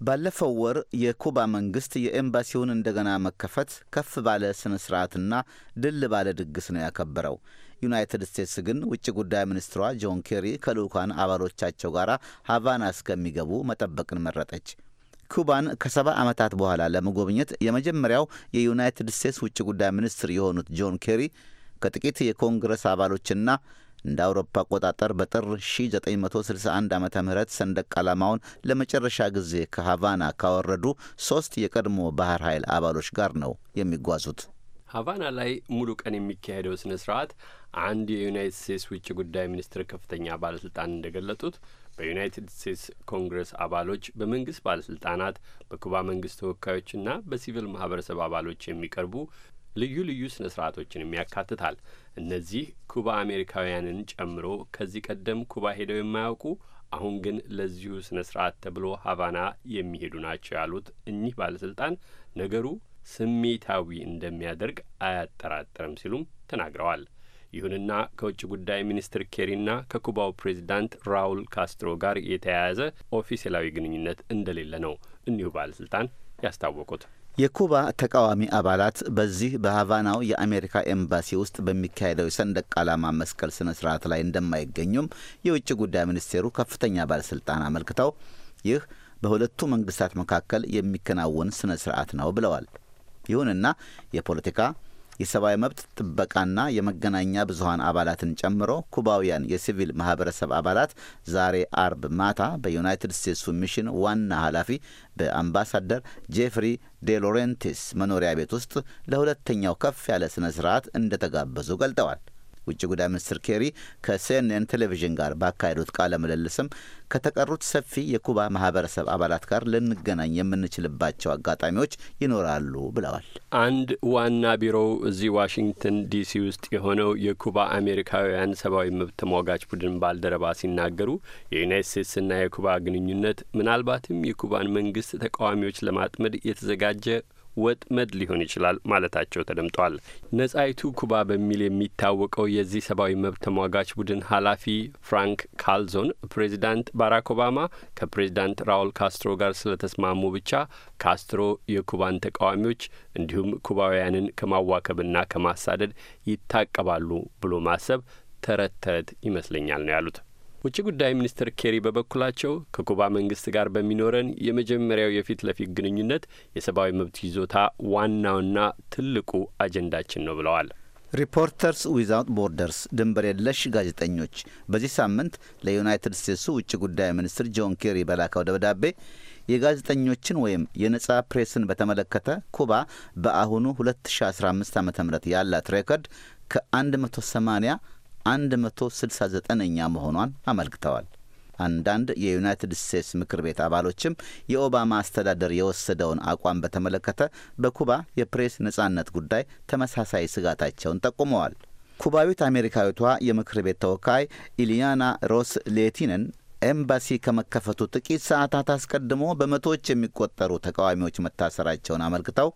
S10: ባለፈው ወር የኩባ መንግስት የኤምባሲውን እንደገና መከፈት ከፍ ባለ ስነ ስርዓትና ድል ባለ ድግስ ነው ያከበረው። ዩናይትድ ስቴትስ ግን ውጭ ጉዳይ ሚኒስትሯ ጆን ኬሪ ከልዑካን አባሎቻቸው ጋር ሀቫና እስከሚገቡ መጠበቅን መረጠች። ኩባን ከሰባ ዓመታት በኋላ ለመጎብኘት የመጀመሪያው የዩናይትድ ስቴትስ ውጭ ጉዳይ ሚኒስትር የሆኑት ጆን ኬሪ ከጥቂት የኮንግረስ አባሎችና እንደ አውሮፓ አቆጣጠር በጥር 1961 ዓ ም ሰንደቅ ዓላማውን ለመጨረሻ ጊዜ ከሃቫና ካወረዱ ሦስት የቀድሞ ባህር ኃይል አባሎች ጋር ነው የሚጓዙት።
S11: ሃቫና ላይ ሙሉ ቀን የሚካሄደው ስነ ስርዓት አንድ የዩናይትድ ስቴትስ ውጭ ጉዳይ ሚኒስቴር ከፍተኛ ባለስልጣን እንደገለጡት በዩናይትድ ስቴትስ ኮንግረስ አባሎች፣ በመንግስት ባለስልጣናት፣ በኩባ መንግስት ተወካዮችና በሲቪል ማህበረሰብ አባሎች የሚቀርቡ ልዩ ልዩ ስነ ስርዓቶችንም ያካትታል። እነዚህ ኩባ አሜሪካውያንን ጨምሮ ከዚህ ቀደም ኩባ ሄደው የማያውቁ አሁን ግን ለዚሁ ስነ ስርዓት ተብሎ ሀቫና የሚሄዱ ናቸው ያሉት እኚህ ባለስልጣን ነገሩ ስሜታዊ እንደሚያደርግ አያጠራጥርም ሲሉም ተናግረዋል። ይሁንና ከውጭ ጉዳይ ሚኒስትር ኬሪና ከኩባው ፕሬዚዳንት ራውል ካስትሮ ጋር የተያያዘ ኦፊሴላዊ ግንኙነት እንደሌለ ነው እኒሁ ባለስልጣን ያስታወቁት።
S10: የኩባ ተቃዋሚ አባላት በዚህ በሀቫናው የአሜሪካ ኤምባሲ ውስጥ በሚካሄደው የሰንደቅ ዓላማ መስቀል ስነ ስርዓት ላይ እንደማይገኙም የውጭ ጉዳይ ሚኒስቴሩ ከፍተኛ ባለስልጣን አመልክተው ይህ በሁለቱ መንግስታት መካከል የሚከናወን ስነ ስርዓት ነው ብለዋል። ይሁንና የፖለቲካ የሰብአዊ መብት ጥበቃና የመገናኛ ብዙሀን አባላትን ጨምሮ ኩባውያን የሲቪል ማህበረሰብ አባላት ዛሬ አርብ ማታ በዩናይትድ ስቴትሱ ሚሽን ዋና ኃላፊ በአምባሳደር ጄፍሪ ዴሎሬንቲስ መኖሪያ ቤት ውስጥ ለሁለተኛው ከፍ ያለ ስነ ስርዓት እንደተጋበዙ ገልጠዋል። ውጭ ጉዳይ ሚኒስትር ኬሪ ከሲኤንኤን ቴሌቪዥን ጋር ባካሄዱት ቃለ ምልልስም ከተቀሩት ሰፊ የኩባ ማህበረሰብ አባላት ጋር ልንገናኝ የምንችልባቸው አጋጣሚዎች ይኖራሉ ብለዋል።
S11: አንድ ዋና ቢሮው እዚህ ዋሽንግተን ዲሲ ውስጥ የሆነው የኩባ አሜሪካውያን ሰብአዊ መብት ተሟጋች ቡድን ባልደረባ ሲናገሩ የዩናይት ስቴትስና የኩባ ግንኙነት ምናልባትም የኩባን መንግስት ተቃዋሚዎች ለማጥመድ የተዘጋጀ ወጥመድ ሊሆን ይችላል ማለታቸው ተደምጧል። ነጻይቱ ኩባ በሚል የሚታወቀው የዚህ ሰብአዊ መብት ተሟጋች ቡድን ኃላፊ ፍራንክ ካልዞን ፕሬዚዳንት ባራክ ኦባማ ከፕሬዚዳንት ራውል ካስትሮ ጋር ስለተስማሙ ብቻ ካስትሮ የኩባን ተቃዋሚዎች እንዲሁም ኩባውያንን ከማዋከብና ከማሳደድ ይታቀባሉ ብሎ ማሰብ ተረት ተረት ይመስለኛል ነው ያሉት። ውጭ ጉዳይ ሚኒስትር ኬሪ በበኩላቸው ከኩባ መንግስት ጋር በሚኖረን የመጀመሪያው የፊት ለፊት ግንኙነት የሰብአዊ መብት ይዞታ ዋናውና ትልቁ አጀንዳችን ነው ብለዋል።
S10: ሪፖርተርስ ዊዛውት ቦርደርስ ድንበር የለሽ ጋዜጠኞች በዚህ ሳምንት ለዩናይትድ ስቴትሱ ውጭ ጉዳይ ሚኒስትር ጆን ኬሪ በላካው ደብዳቤ የጋዜጠኞችን ወይም የነጻ ፕሬስን በተመለከተ ኩባ በአሁኑ 2015 ዓ ም ያላት ሬኮርድ ከ180 169ኛ መሆኗን አመልክተዋል። አንዳንድ የዩናይትድ ስቴትስ ምክር ቤት አባሎችም የኦባማ አስተዳደር የወሰደውን አቋም በተመለከተ በኩባ የፕሬስ ነጻነት ጉዳይ ተመሳሳይ ስጋታቸውን ጠቁመዋል። ኩባዊት አሜሪካዊቷ የምክር ቤት ተወካይ ኢሊያና ሮስ ሌቲንን ኤምባሲ ከመከፈቱ ጥቂት ሰዓታት አስቀድሞ በመቶዎች የሚቆጠሩ ተቃዋሚዎች መታሰራቸውን አመልክተው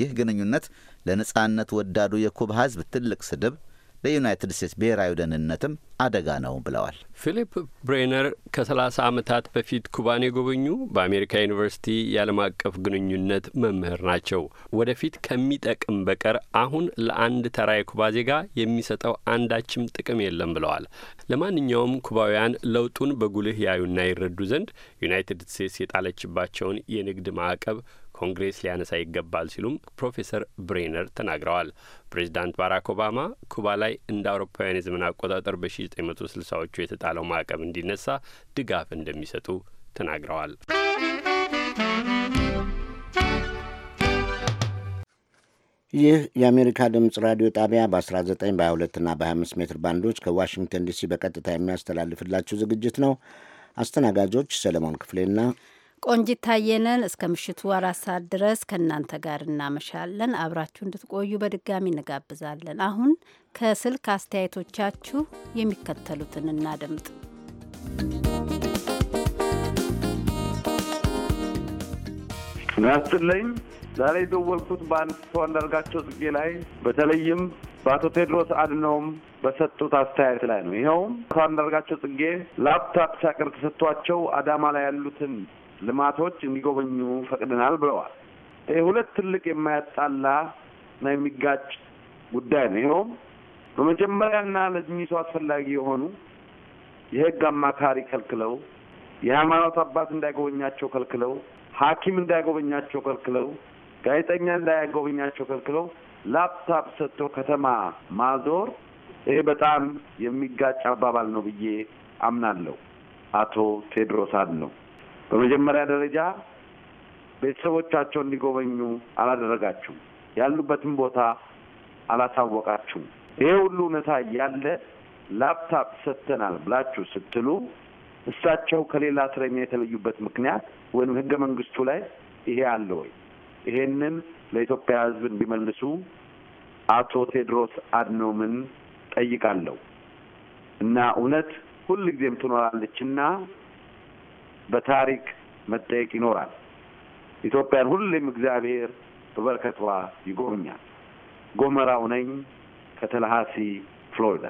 S10: ይህ ግንኙነት ለነጻነት ወዳዱ የኩባ ሕዝብ ትልቅ ስድብ ለዩናይትድ ስቴትስ ብሔራዊ ደህንነትም አደጋ ነው ብለዋል። ፊሊፕ
S11: ብሬነር ከ30 ዓመታት በፊት ኩባን የጎበኙ በአሜሪካ ዩኒቨርሲቲ የዓለም አቀፍ ግንኙነት መምህር ናቸው። ወደፊት ከሚጠቅም በቀር አሁን ለአንድ ተራ የኩባ ዜጋ የሚሰጠው አንዳችም ጥቅም የለም ብለዋል። ለማንኛውም ኩባውያን ለውጡን በጉልህ ያዩና ይረዱ ዘንድ ዩናይትድ ስቴትስ የጣለችባቸውን የንግድ ማዕቀብ ኮንግሬስ ሊያነሳ ይገባል ሲሉም ፕሮፌሰር ብሬነር ተናግረዋል። ፕሬዚዳንት ባራክ ኦባማ ኩባ ላይ እንደ አውሮፓውያን የዘመን አቆጣጠር በ1960ዎቹ የተጣለው ማዕቀብ እንዲነሳ ድጋፍ እንደሚሰጡ ተናግረዋል።
S2: ይህ የአሜሪካ ድምፅ ራዲዮ ጣቢያ በ19 በ22ና በ25 ሜትር ባንዶች ከዋሽንግተን ዲሲ በቀጥታ የሚያስተላልፍላችሁ ዝግጅት ነው። አስተናጋጆች ሰለሞን ክፍሌና
S4: ቆንጂት ታየነን እስከ ምሽቱ አራት ሰዓት ድረስ ከእናንተ ጋር እናመሻለን። አብራችሁ እንድትቆዩ በድጋሚ እንጋብዛለን። አሁን ከስልክ አስተያየቶቻችሁ የሚከተሉትን እናድምጥ።
S12: ናስትልኝ ዛሬ የደወልኩት በአንድ ሰው አንዳርጋቸው ጽጌ ላይ በተለይም በአቶ ቴድሮስ አድነውም በሰጡት አስተያየት ላይ ነው። ይኸውም አቶ አንዳርጋቸው ጽጌ ላፕታፕ ሳይቀር ተሰጥቷቸው አዳማ ላይ ያሉትን ልማቶች እንዲጎበኙ ፈቅደናል ብለዋል። ይህ ሁለት ትልቅ የማያጣላ እና የሚጋጭ ጉዳይ ነው። ይኸውም በመጀመሪያና ለጅሚሱ አስፈላጊ የሆኑ የህግ አማካሪ ከልክለው፣ የሃይማኖት አባት እንዳይጎበኛቸው ከልክለው፣ ሐኪም እንዳይጎበኛቸው ከልክለው፣ ጋዜጠኛ እንዳይጎበኛቸው ከልክለው፣ ላፕታፕ ሰጥቶ ከተማ ማዞር ይሄ በጣም የሚጋጭ አባባል ነው ብዬ አምናለሁ። አቶ ቴድሮስ አድነው በመጀመሪያ ደረጃ ቤተሰቦቻቸው እንዲጎበኙ አላደረጋችሁም፣ ያሉበትን ቦታ አላሳወቃችሁም። ይሄ ሁሉ እውነታ እያለ ላፕታፕ ሰጥተናል ብላችሁ ስትሉ እሳቸው ከሌላ እስረኛ የተለዩበት ምክንያት ወይም ህገ መንግስቱ ላይ ይሄ አለ ወይ? ይሄንን ለኢትዮጵያ ህዝብ እንዲመልሱ አቶ ቴድሮስ አድኖምን ጠይቃለሁ እና እውነት ትኖራለች ትኖራለችና በታሪክ መጠየቅ ይኖራል። ኢትዮጵያን ሁሌም እግዚአብሔር በበረከቷ ይጎብኛል። ጎመራው ነኝ ከተላሃሲ ፍሎሪዳ።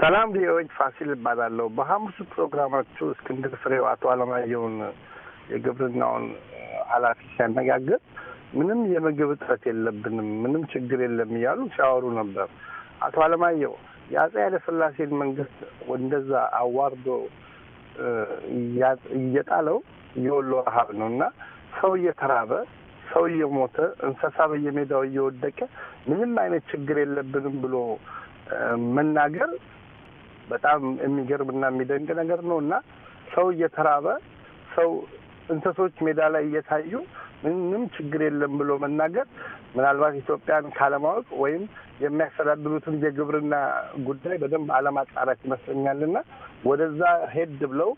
S13: ሰላም ቪኦኤ፣ ፋሲል እባላለሁ። በሐሙሱ ፕሮግራማችሁ እስክንድር ፍሬው አቶ አለማየሁን የግብርናውን ኃላፊ ሲያነጋግር ምንም የምግብ እጥረት የለብንም፣ ምንም ችግር የለም እያሉ ሲያወሩ ነበር። አቶ አለማየሁ የአጼ ኃይለስላሴን መንግስት እንደዛ አዋርዶ እየጣለው የወሎ ረሀብ ነው እና ሰው እየተራበ ሰው እየሞተ እንስሳ በየሜዳው እየወደቀ ምንም አይነት ችግር የለብንም ብሎ መናገር በጣም የሚገርምና የሚደንቅ ነገር ነው እና ሰው እየተራበ ሰው እንስሶች ሜዳ ላይ እየታዩ ምንም ችግር የለም ብሎ መናገር ምናልባት ኢትዮጵያን ካለማወቅ ወይም የሚያስተዳድሩትን የግብርና ጉዳይ በደንብ አለማጣራት ይመስለኛልና ወደዛ ሄድ ብለው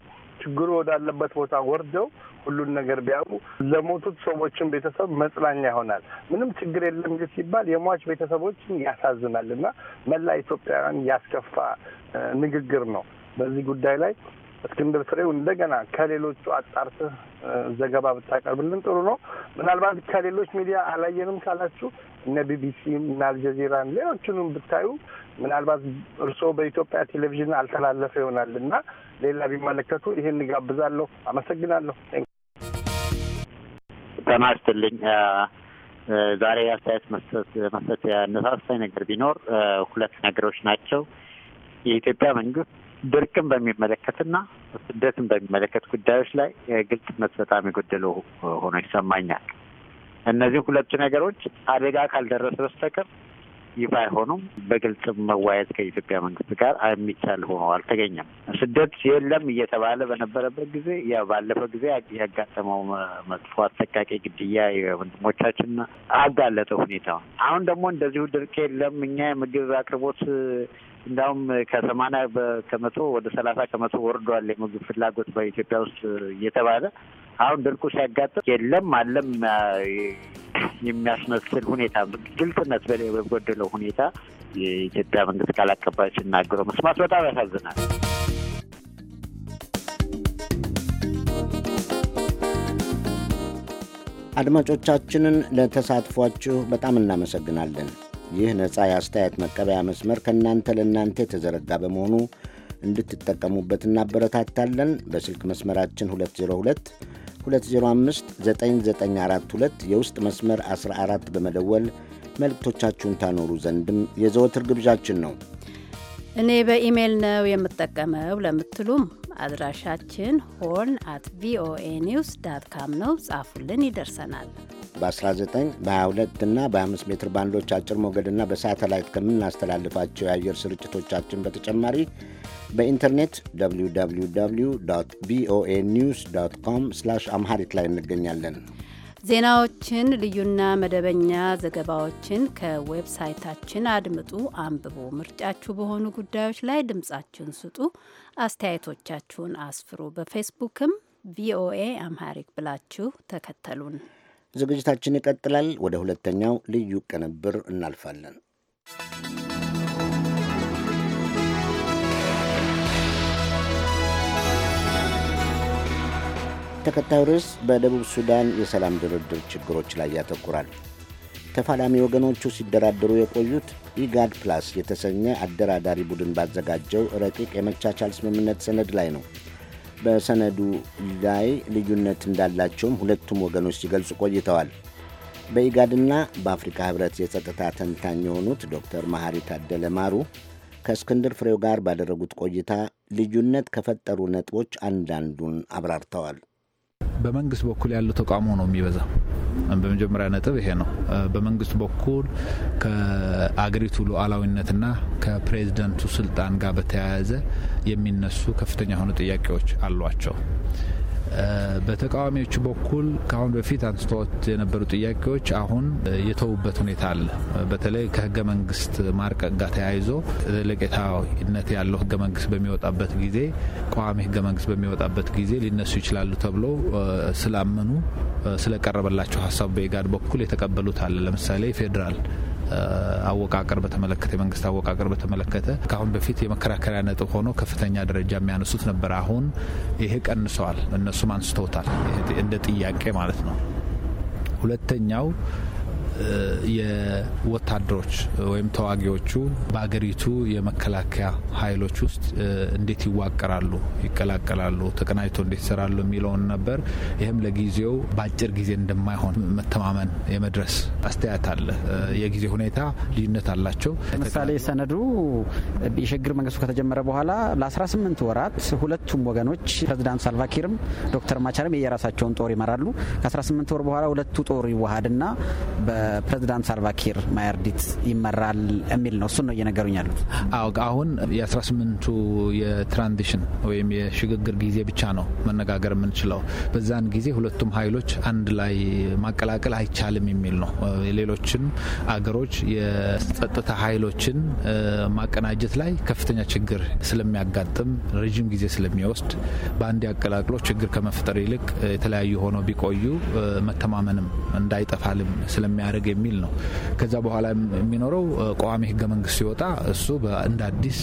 S13: ችግሩ ወዳለበት ቦታ ወርደው ሁሉን ነገር ቢያዩ ለሞቱት ሰዎችን ቤተሰብ መጽናኛ ይሆናል። ምንም ችግር የለም ሲባል የሟች ቤተሰቦችን ያሳዝናል እና መላ ኢትዮጵያውያን ያስከፋ ንግግር ነው። በዚህ ጉዳይ ላይ እስክንድር ፍሬው እንደገና ከሌሎቹ አጣርተህ ዘገባ ብታቀርብልን ጥሩ ነው። ምናልባት ከሌሎች ሚዲያ አላየንም ካላችሁ እነ ቢቢሲ እና አልጀዚራን ሌሎችንም ብታዩ ምናልባት እርስዎ በኢትዮጵያ ቴሌቪዥን አልተላለፈ ይሆናል እና ሌላ ቢመለከቱ ይሄን ጋብዛለሁ። አመሰግናለሁ።
S14: ጤና ይስጥልኝ። ዛሬ አስተያየት መስጠት ያነሳሳኝ ነገር ቢኖር ሁለት ነገሮች ናቸው። የኢትዮጵያ መንግስት ድርቅን በሚመለከትና ስደትን በሚመለከት ጉዳዮች ላይ ግልጽነት በጣም የጎደለው ሆኖ ይሰማኛል። እነዚህ ሁለቱ ነገሮች አደጋ ካልደረሰ በስተቀር ይፋ አይሆኑም። በግልጽ መዋየት ከኢትዮጵያ መንግስት ጋር የሚቻል ሆኖ አልተገኘም። ስደት የለም እየተባለ በነበረበት ጊዜ ባለፈው ጊዜ ያጋጠመው መጥፎ አሰቃቂ ግድያ የወንድሞቻችን አጋለጠ ሁኔታውን። አሁን ደግሞ እንደዚሁ ድርቅ የለም እኛ የምግብ አቅርቦት እንዲሁም ከሰማንያ ከመቶ ወደ ሰላሳ ከመቶ ወርዷል የምግብ ፍላጎት በኢትዮጵያ ውስጥ እየተባለ አሁን ድርቁ ሲያጋጥም የለም አለም የሚያስመስል ሁኔታ ግልጽነት በጎደለው ሁኔታ የኢትዮጵያ መንግስት ቃል አቀባይ ሲናገረው መስማት በጣም ያሳዝናል።
S2: አድማጮቻችንን ለተሳትፏችሁ በጣም እናመሰግናለን። ይህ ነፃ የአስተያየት መቀበያ መስመር ከእናንተ ለእናንተ የተዘረጋ በመሆኑ እንድትጠቀሙበት እናበረታታለን። በስልክ መስመራችን 2022059942 የውስጥ መስመር 14 በመደወል መልእክቶቻችሁን ታኖሩ ዘንድም የዘወትር ግብዣችን ነው።
S4: እኔ በኢሜይል ነው የምጠቀመው ለምትሉም አድራሻችን ሆርን አት ቪኦኤ ኒውስ ዳት ካም ነው። ጻፉልን፣ ይደርሰናል።
S2: በ19 በ22 እና በ25 ሜትር ባንዶች አጭር ሞገድና በሳተላይት ከምናስተላልፋቸው የአየር ስርጭቶቻችን በተጨማሪ በኢንተርኔት www ቪኦኤ ኒውስ ዶት ኮም ስላሽ አምሃሪክ ላይ እንገኛለን።
S4: ዜናዎችን፣ ልዩና መደበኛ ዘገባዎችን ከዌብሳይታችን አድምጡ፣ አንብቡ። ምርጫችሁ በሆኑ ጉዳዮች ላይ ድምጻችሁን ስጡ፣ አስተያየቶቻችሁን አስፍሩ። በፌስቡክም ቪኦኤ አምሃሪክ ብላችሁ ተከተሉን።
S2: ዝግጅታችን ይቀጥላል። ወደ ሁለተኛው ልዩ ቅንብር እናልፋለን። ተከታዩ ርዕስ በደቡብ ሱዳን የሰላም ድርድር ችግሮች ላይ ያተኩራል። ተፋላሚ ወገኖቹ ሲደራደሩ የቆዩት ኢጋድ ፕላስ የተሰኘ አደራዳሪ ቡድን ባዘጋጀው ረቂቅ የመቻቻል ስምምነት ሰነድ ላይ ነው። በሰነዱ ላይ ልዩነት እንዳላቸውም ሁለቱም ወገኖች ሲገልጹ ቆይተዋል። በኢጋድና በአፍሪካ ህብረት የጸጥታ ተንታኝ የሆኑት ዶክተር መሐሪ ታደለ ማሩ ከእስክንድር ፍሬው ጋር ባደረጉት ቆይታ ልዩነት ከፈጠሩ ነጥቦች አንዳንዱን አብራርተዋል።
S15: በመንግስት በኩል ያለው ተቃውሞ ነው የሚበዛው። በመጀመሪያ ነጥብ ይሄ ነው። በመንግስት በኩል ከአገሪቱ ሉዓላዊነትና ከፕሬዝደንቱ ስልጣን ጋር በተያያዘ የሚነሱ ከፍተኛ የሆኑ ጥያቄዎች አሏቸው። በተቃዋሚዎቹ በኩል ከአሁን በፊት አንስተዎት የነበሩ ጥያቄዎች አሁን የተውበት ሁኔታ አለ። በተለይ ከህገ መንግስት ማርቀቅ ጋር ተያይዞ ዘለቄታዊነት ያለው ህገ መንግስት በሚወጣበት ጊዜ ቋሚ ህገ መንግስት በሚወጣበት ጊዜ ሊነሱ ይችላሉ ተብሎ ስላመኑ ስለቀረበላቸው ሀሳብ በኢጋድ በኩል የተቀበሉት አለ። ለምሳሌ ፌዴራል አወቃቀር በተመለከተ የመንግስት አወቃቀር በተመለከተ ከአሁን በፊት የመከራከሪያ ነጥብ ሆኖ ከፍተኛ ደረጃ የሚያነሱት ነበር። አሁን ይሄ ቀንሰዋል፣ እነሱም አንስተውታል እንደ ጥያቄ ማለት ነው። ሁለተኛው የወታደሮች ወይም ተዋጊዎቹ በአገሪቱ የመከላከያ ኃይሎች ውስጥ እንዴት ይዋቀራሉ፣ ይቀላቀላሉ፣ ተቀናጅቶ እንዴት ይሰራሉ የሚለውን ነበር። ይህም ለጊዜው በአጭር ጊዜ እንደማይሆን መተማመን የመድረስ አስተያየት አለ። የጊዜ ሁኔታ
S1: ልዩነት አላቸው። ለምሳሌ ሰነዱ የሽግግር መንግስቱ ከተጀመረ በኋላ ለ18 ወራት ሁለቱም ወገኖች ፕሬዚዳንት ሳልቫኪርም ዶክተር ማቻርም የየራሳቸውን ጦር ይመራሉ። ከ18 ወር በኋላ ሁለቱ ጦር ይዋሃድና በፕሬዚዳንት ሳልቫኪር ማያርዲት ይመራል የሚል ነው። እሱን ነው እየነገሩኝ ያሉት። አዎ አሁን የ18ቱ
S15: የትራንዚሽን ወይም የሽግግር ጊዜ ብቻ ነው መነጋገር የምንችለው። በዛን ጊዜ ሁለቱም ኃይሎች አንድ ላይ ማቀላቀል አይቻልም የሚል ነው። ሌሎችን አገሮች የጸጥታ ኃይሎችን ማቀናጀት ላይ ከፍተኛ ችግር ስለሚያጋጥም ረዥም ጊዜ ስለሚወስድ በአንድ ያቀላቅሎ ችግር ከመፍጠር ይልቅ የተለያዩ ሆነው ቢቆዩ መተማመንም እንዳይጠፋልም ስለሚያደርግ ማድረግ የሚል ነው። ከዛ በኋላ የሚኖረው ቋሚ ህገ መንግስት ሲወጣ እሱ እንደ አዲስ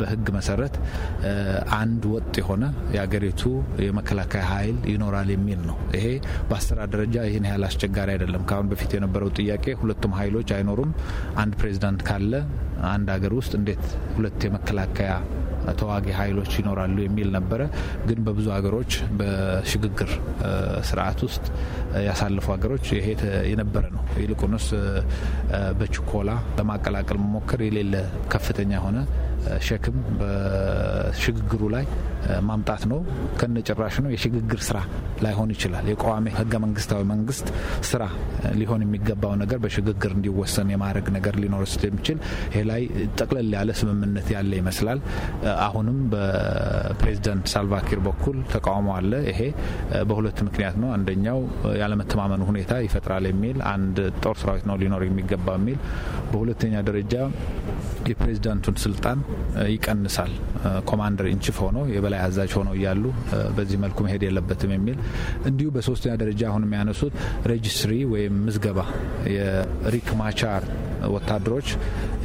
S15: በህግ መሰረት አንድ ወጥ የሆነ የአገሪቱ የመከላከያ ኃይል ይኖራል የሚል ነው። ይሄ በአሰራር ደረጃ ይህን ያህል አስቸጋሪ አይደለም። ከአሁን በፊት የነበረው ጥያቄ ሁለቱም ኃይሎች አይኖሩም፣ አንድ ፕሬዚዳንት ካለ አንድ ሀገር ውስጥ እንዴት ሁለት የመከላከያ ተዋጊ ኃይሎች ይኖራሉ የሚል ነበረ። ግን በብዙ ሀገሮች በሽግግር ስርዓት ውስጥ ያሳለፉ ሀገሮች ይሄ የነበረ ነው። ይልቁንስ በችኮላ ለማቀላቀል መሞከር የሌለ ከፍተኛ ሆነ ሸክም በሽግግሩ ላይ ማምጣት ነው። ጭራሽ ነው የሽግግር ስራ ላይሆን ይችላል። የቋሚ ህገ መንግስታዊ መንግስት ስራ ሊሆን የሚገባው ነገር በሽግግር እንዲወሰን የማድረግ ነገር ሊኖር ስለሚችል ይሄ ላይ ጠቅለል ያለ ስምምነት ያለ ይመስላል። አሁንም በፕሬዚደንት ሳልቫኪር በኩል ተቃውሞ አለ። ይሄ በሁለት ምክንያት ነው። አንደኛው ያለመተማመኑ ሁኔታ ይፈጥራል የሚል አንድ ጦር ሰራዊት ነው ሊኖር የሚገባ የሚል፣ በሁለተኛ ደረጃ የፕሬዚዳንቱን ስልጣን ይቀንሳል። ኮማንደር ኢንቺፍ ሆኖ የበላይ አዛዥ ሆነው እያሉ በዚህ መልኩ መሄድ የለበትም የሚል እንዲሁ በሶስተኛ ደረጃ አሁን የሚያነሱት ሬጅስትሪ ወይም ምዝገባ የሪክ ማቻር ወታደሮች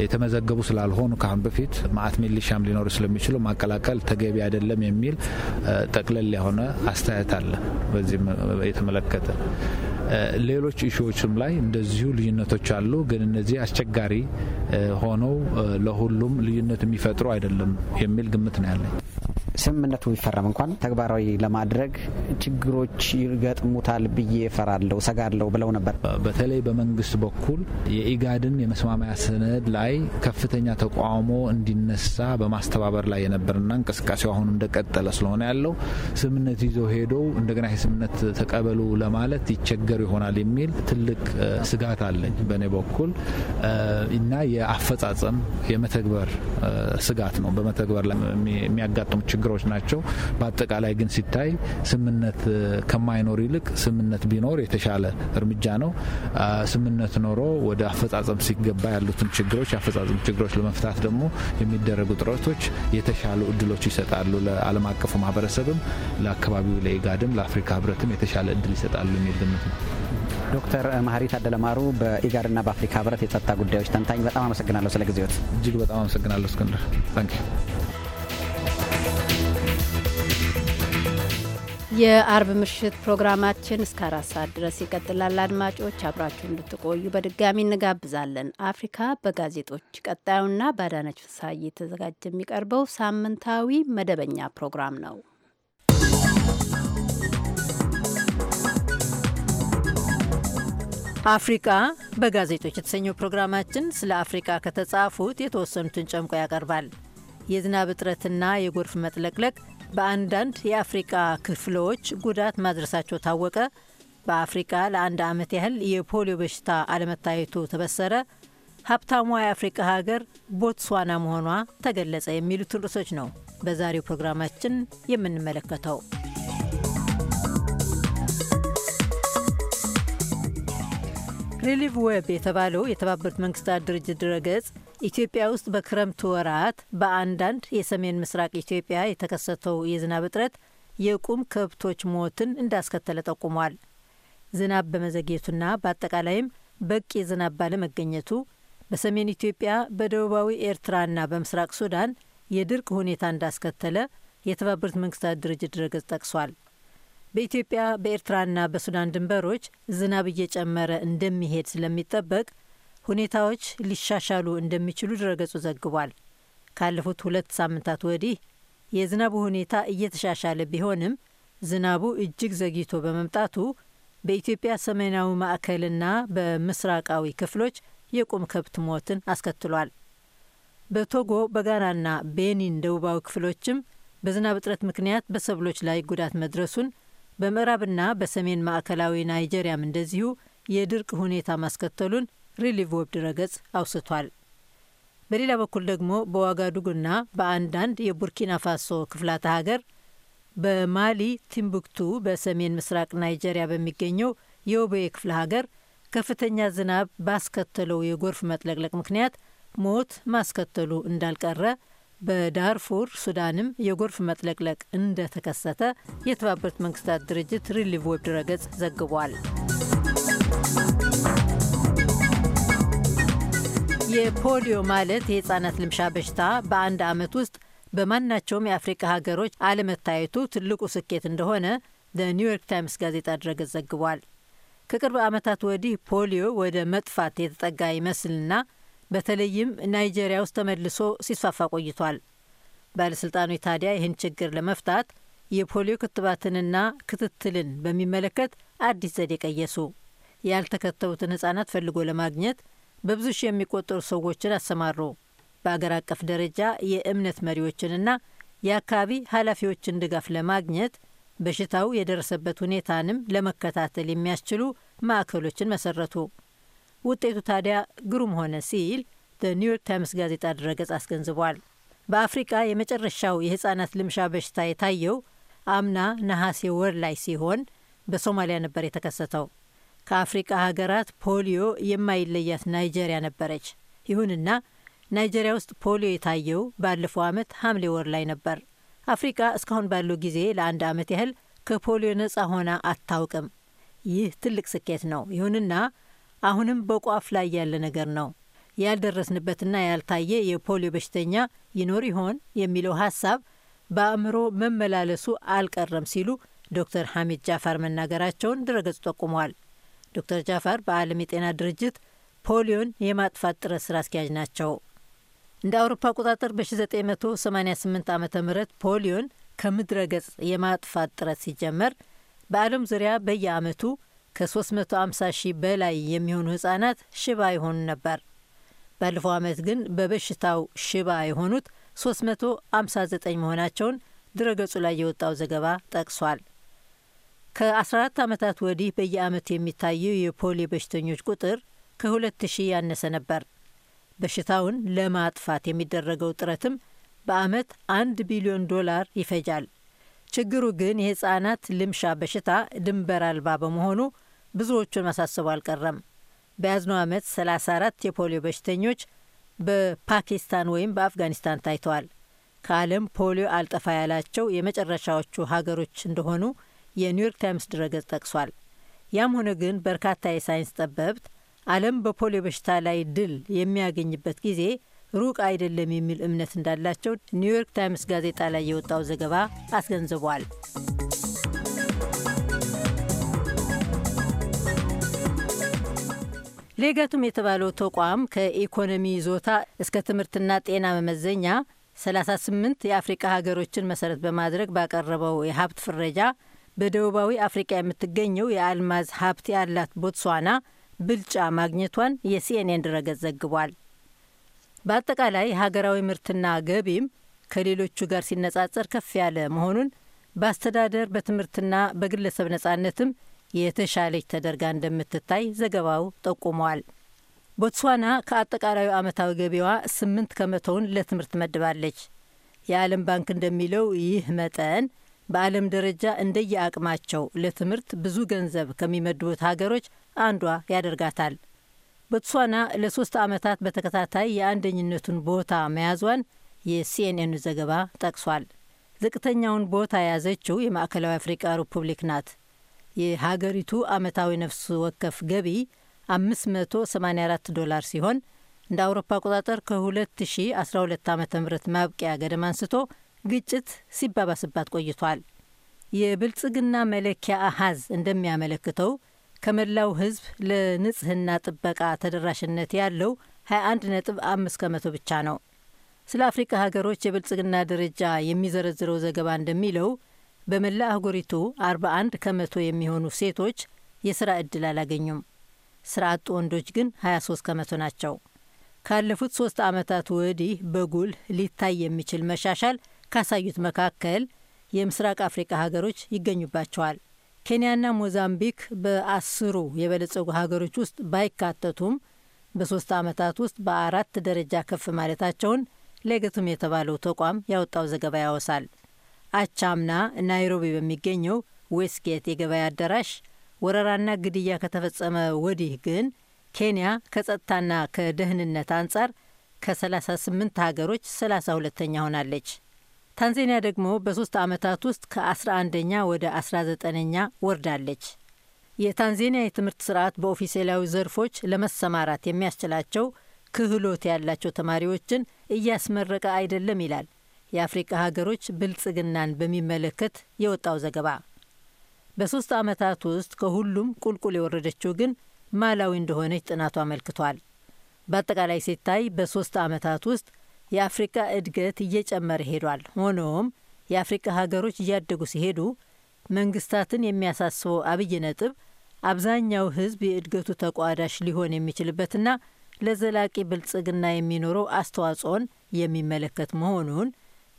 S15: የተመዘገቡ ስላልሆኑ ካሁን በፊት ማአት ሚሊሻም ሊኖሩ ስለሚችሉ ማቀላቀል ተገቢ አይደለም የሚል ጠቅለል የሆነ አስተያየት አለ። በዚህም የተመለከተ ሌሎች ኢሹዎችም ላይ እንደዚሁ ልዩነቶች አሉ። ግን እነዚህ አስቸጋሪ
S1: ሆነው ለሁሉም ልዩነት የሚፈጥሩ አይደለም የሚል ግምት ነው ያለኝ። ስምምነቱ ቢፈረም እንኳን ተግባራዊ ለማድረግ ችግሮች ይገጥሙታል ብዬ እፈራለሁ፣ ሰጋለሁ ብለው ነበር። በተለይ በመንግስት በኩል የኢጋድን የመስማማያ
S15: ሰነድ ላይ ከፍተኛ ተቃውሞ እንዲነሳ በማስተባበር ላይ የነበርና እንቅስቃሴው አሁን እንደቀጠለ ስለሆነ ያለው ስምምነት ይዞ ሄዶ እንደገና የስምምነት ተቀበሉ ለማለት ይቸገሩ ይሆናል የሚል ትልቅ ስጋት አለኝ በእኔ በኩል እና የአፈጻጸም የመተግበር ስጋት ነው። በመተግበር ላይ የሚያጋጥሙ ችግሮች ናቸው። በአጠቃላይ ግን ሲታይ ስምነት ከማይኖር ይልቅ ስምነት ቢኖር የተሻለ እርምጃ ነው። ስምነት ኖሮ ወደ አፈጻጸም ሲገባ ያሉትን ችግሮች የአፈጻጸም ችግሮች ለመፍታት ደግሞ የሚደረጉ ጥረቶች የተሻሉ እድሎች ይሰጣሉ። ለዓለም አቀፉ ማህበረሰብም፣ ለአካባቢው፣ ለኢጋድም፣ ለአፍሪካ ህብረትም የተሻለ እድል ይሰጣሉ የሚል ግምት ነው።
S1: ዶክተር መሀሪ ታደለ በኢጋድና በአፍሪካ ህብረት የጸጥታ ጉዳዮች ተንታኝ፣ በጣም አመሰግናለሁ ስለ ጊዜዎት።
S15: እጅግ በጣም አመሰግናለሁ እስክንድር።
S4: የአርብ ምሽት ፕሮግራማችን እስከ አራት ሰዓት ድረስ ይቀጥላል። አድማጮች አብራችሁ እንድትቆዩ በድጋሚ እንጋብዛለን። አፍሪካ በጋዜጦች ቀጣዩና በአዳነች ፍስሐ እየተዘጋጀ የሚቀርበው ሳምንታዊ መደበኛ ፕሮግራም ነው።
S16: አፍሪቃ በጋዜጦች የተሰኘው ፕሮግራማችን ስለ አፍሪቃ ከተጻፉት የተወሰኑትን ጨምቆ ያቀርባል። የዝናብ እጥረትና የጎርፍ መጥለቅለቅ በአንዳንድ የአፍሪቃ ክፍሎች ጉዳት ማድረሳቸው ታወቀ። በአፍሪቃ ለአንድ ዓመት ያህል የፖሊዮ በሽታ አለመታየቱ ተበሰረ። ሀብታሟ የአፍሪቃ ሀገር ቦትስዋና መሆኗ ተገለጸ። የሚሉትን ርዕሶች ነው በዛሬው ፕሮግራማችን የምንመለከተው። ሪሊቭ ዌብ የተባለው የተባበሩት መንግስታት ድርጅት ድረገጽ ኢትዮጵያ ውስጥ በክረምት ወራት በአንዳንድ የሰሜን ምስራቅ ኢትዮጵያ የተከሰተው የዝናብ እጥረት የቁም ከብቶች ሞትን እንዳስከተለ ጠቁሟል። ዝናብ በመዘግየቱና በአጠቃላይም በቂ ዝናብ ባለመገኘቱ በሰሜን ኢትዮጵያ በደቡባዊ ኤርትራና በምስራቅ ሱዳን የድርቅ ሁኔታ እንዳስከተለ የተባበሩት መንግስታት ድርጅት ድረገጽ ጠቅሷል። በኢትዮጵያ በኤርትራና በሱዳን ድንበሮች ዝናብ እየጨመረ እንደሚሄድ ስለሚጠበቅ ሁኔታዎች ሊሻሻሉ እንደሚችሉ ድረገጹ ዘግቧል። ካለፉት ሁለት ሳምንታት ወዲህ የዝናቡ ሁኔታ እየተሻሻለ ቢሆንም ዝናቡ እጅግ ዘግይቶ በመምጣቱ በኢትዮጵያ ሰሜናዊ ማዕከልና በምስራቃዊ ክፍሎች የቁም ከብት ሞትን አስከትሏል። በቶጎ በጋናና ቤኒን ደቡባዊ ክፍሎችም በዝናብ እጥረት ምክንያት በሰብሎች ላይ ጉዳት መድረሱን በምዕራብና በሰሜን ማዕከላዊ ናይጄሪያም እንደዚሁ የድርቅ ሁኔታ ማስከተሉን ሪሊቭ ዌብ ድረገጽ አውስቷል። በሌላ በኩል ደግሞ በዋጋዱጉና በአንዳንድ የቡርኪና ፋሶ ክፍላተ ሀገር በማሊ ቲምቡክቱ በሰሜን ምስራቅ ናይጄሪያ በሚገኘው የወበየ ክፍለ ሀገር ከፍተኛ ዝናብ ባስከተለው የጎርፍ መጥለቅለቅ ምክንያት ሞት ማስከተሉ እንዳልቀረ፣ በዳርፉር ሱዳንም የጎርፍ መጥለቅለቅ እንደተከሰተ የተባበሩት መንግስታት ድርጅት ሪሊቭ ዌብ ድረገጽ ዘግቧል። የፖሊዮ ማለት የህፃናት ልምሻ በሽታ በአንድ ዓመት ውስጥ በማናቸውም የአፍሪካ ሀገሮች አለመታየቱ ትልቁ ስኬት እንደሆነ ኒውዮርክ ታይምስ ጋዜጣ ድረገጽ ዘግቧል። ከቅርብ ዓመታት ወዲህ ፖሊዮ ወደ መጥፋት የተጠጋ ይመስልና በተለይም ናይጄሪያ ውስጥ ተመልሶ ሲስፋፋ ቆይቷል። ባለሥልጣኖች ታዲያ ይህን ችግር ለመፍታት የፖሊዮ ክትባትንና ክትትልን በሚመለከት አዲስ ዘዴ ቀየሱ። ያልተከተቡትን ሕፃናት ፈልጎ ለማግኘት በብዙ ሺህ የሚቆጠሩ ሰዎችን አሰማሩ። በአገር አቀፍ ደረጃ የእምነት መሪዎችንና የአካባቢ ኃላፊዎችን ድጋፍ ለማግኘት በሽታው የደረሰበት ሁኔታንም ለመከታተል የሚያስችሉ ማዕከሎችን መሰረቱ። ውጤቱ ታዲያ ግሩም ሆነ ሲል ኒውዮርክ ታይምስ ጋዜጣ ድረገጽ አስገንዝቧል። በአፍሪቃ የመጨረሻው የህፃናት ልምሻ በሽታ የታየው አምና ነሐሴ ወር ላይ ሲሆን በሶማሊያ ነበር የተከሰተው። ከአፍሪቃ ሀገራት ፖሊዮ የማይለያት ናይጄሪያ ነበረች። ይሁንና ናይጄሪያ ውስጥ ፖሊዮ የታየው ባለፈው ዓመት ሐምሌ ወር ላይ ነበር። አፍሪቃ እስካሁን ባለው ጊዜ ለአንድ ዓመት ያህል ከፖሊዮ ነጻ ሆና አታውቅም። ይህ ትልቅ ስኬት ነው። ይሁንና አሁንም በቋፍ ላይ ያለ ነገር ነው። ያልደረስንበትና ያልታየ የፖሊዮ በሽተኛ ይኖር ይሆን የሚለው ሀሳብ በአእምሮ መመላለሱ አልቀረም ሲሉ ዶክተር ሐሚድ ጃፋር መናገራቸውን ድረገጽ ጠቁሟል። ዶክተር ጃፋር በዓለም የጤና ድርጅት ፖሊዮን የማጥፋት ጥረት ስራ አስኪያጅ ናቸው። እንደ አውሮፓ አቆጣጠር በ1988 ዓ ም ፖሊዮን ከምድረ ገጽ የማጥፋት ጥረት ሲጀመር በዓለም ዙሪያ በየአመቱ ከ350 ሺህ በላይ የሚሆኑ ሕፃናት ሽባ ይሆኑ ነበር። ባለፈው ዓመት ግን በበሽታው ሽባ የሆኑት 359 መሆናቸውን ድረገጹ ላይ የወጣው ዘገባ ጠቅሷል። ከ14 ዓመታት ወዲህ በየዓመት የሚታየው የፖሊዮ በሽተኞች ቁጥር ከ2000 ያነሰ ነበር። በሽታውን ለማጥፋት የሚደረገው ጥረትም በዓመት 1 ቢሊዮን ዶላር ይፈጃል። ችግሩ ግን የሕፃናት ልምሻ በሽታ ድንበር አልባ በመሆኑ ብዙዎቹን ማሳሰቡ አልቀረም። በያዝነው ዓመት 34 የፖሊዮ በሽተኞች በፓኪስታን ወይም በአፍጋኒስታን ታይተዋል። ከዓለም ፖሊዮ አልጠፋ ያላቸው የመጨረሻዎቹ ሀገሮች እንደሆኑ የኒውዮርክ ታይምስ ድረገጽ ጠቅሷል። ያም ሆነ ግን በርካታ የሳይንስ ጠበብት ዓለም በፖሊዮ በሽታ ላይ ድል የሚያገኝበት ጊዜ ሩቅ አይደለም የሚል እምነት እንዳላቸው ኒውዮርክ ታይምስ ጋዜጣ ላይ የወጣው ዘገባ አስገንዝቧል። ሌጋቱም የተባለው ተቋም ከኢኮኖሚ ይዞታ እስከ ትምህርትና ጤና መመዘኛ 38 የአፍሪቃ ሀገሮችን መሰረት በማድረግ ባቀረበው የሀብት ፍረጃ በደቡባዊ አፍሪቃ የምትገኘው የአልማዝ ሀብት ያላት ቦትስዋና ብልጫ ማግኘቷን የሲኤንኤን ድረገጽ ዘግቧል። በአጠቃላይ ሀገራዊ ምርትና ገቢም ከሌሎቹ ጋር ሲነጻጸር ከፍ ያለ መሆኑን በአስተዳደር በትምህርትና በግለሰብ ነጻነትም የተሻለች ተደርጋ እንደምትታይ ዘገባው ጠቁሟል። ቦትስዋና ከአጠቃላዩ ዓመታዊ ገቢዋ ስምንት ከመቶውን ለትምህርት መድባለች። የዓለም ባንክ እንደሚለው ይህ መጠን በዓለም ደረጃ እንደየአቅማቸው ለትምህርት ብዙ ገንዘብ ከሚመድቡት ሀገሮች አንዷ ያደርጋታል። ቦትስዋና ለሶስት ዓመታት በተከታታይ የአንደኝነቱን ቦታ መያዟን የሲኤንኤን ዘገባ ጠቅሷል። ዝቅተኛውን ቦታ የያዘችው የማዕከላዊ አፍሪቃ ሪፑብሊክ ናት። የሀገሪቱ ዓመታዊ ነፍስ ወከፍ ገቢ 584 ዶላር ሲሆን እንደ አውሮፓ አቆጣጠር ከ2012 ዓ ም ማብቂያ ገደማ አንስቶ ግጭት ሲባባስባት ቆይቷል። የብልጽግና መለኪያ አሃዝ እንደሚያመለክተው ከመላው ሕዝብ ለንጽህና ጥበቃ ተደራሽነት ያለው 21.5 ከመቶ ብቻ ነው። ስለ አፍሪካ ሀገሮች የብልጽግና ደረጃ የሚዘረዝረው ዘገባ እንደሚለው በመላ አህጉሪቱ 41 ከመቶ የሚሆኑ ሴቶች የሥራ ዕድል አላገኙም። ስራ ወንዶች ግን 23 ከመቶ ናቸው። ካለፉት ሶስት ዓመታት ወዲህ በጉልህ ሊታይ የሚችል መሻሻል ካሳዩት መካከል የምስራቅ አፍሪካ ሀገሮች ይገኙባቸዋል። ኬንያና ሞዛምቢክ በአስሩ የበለጸጉ ሀገሮች ውስጥ ባይካተቱም በሶስት ዓመታት ውስጥ በአራት ደረጃ ከፍ ማለታቸውን ሌገቱም የተባለው ተቋም ያወጣው ዘገባ ያወሳል። አቻምና ናይሮቢ በሚገኘው ዌስትጌት የገበያ አዳራሽ ወረራና ግድያ ከተፈጸመ ወዲህ ግን ኬንያ ከጸጥታና ከደህንነት አንጻር ከ38 ሀገሮች 32ተኛ ሆናለች። ታንዛኒያ ደግሞ በሶስት ዓመታት ውስጥ ከ11ኛ ወደ 19ኛ ወርዳለች። የታንዛኒያ የትምህርት ስርዓት በኦፊሴላዊ ዘርፎች ለመሰማራት የሚያስችላቸው ክህሎት ያላቸው ተማሪዎችን እያስመረቀ አይደለም ይላል የአፍሪቃ ሀገሮች ብልጽግናን በሚመለከት የወጣው ዘገባ። በሶስት ዓመታት ውስጥ ከሁሉም ቁልቁል የወረደችው ግን ማላዊ እንደሆነች ጥናቱ አመልክቷል። በአጠቃላይ ሲታይ በሶስት ዓመታት ውስጥ የአፍሪካ እድገት እየጨመረ ሄዷል። ሆኖም የአፍሪካ ሀገሮች እያደጉ ሲሄዱ መንግስታትን የሚያሳስበው አብይ ነጥብ አብዛኛው ህዝብ የእድገቱ ተቋዳሽ ሊሆን የሚችልበትና ለዘላቂ ብልጽግና የሚኖረው አስተዋጽኦን የሚመለከት መሆኑን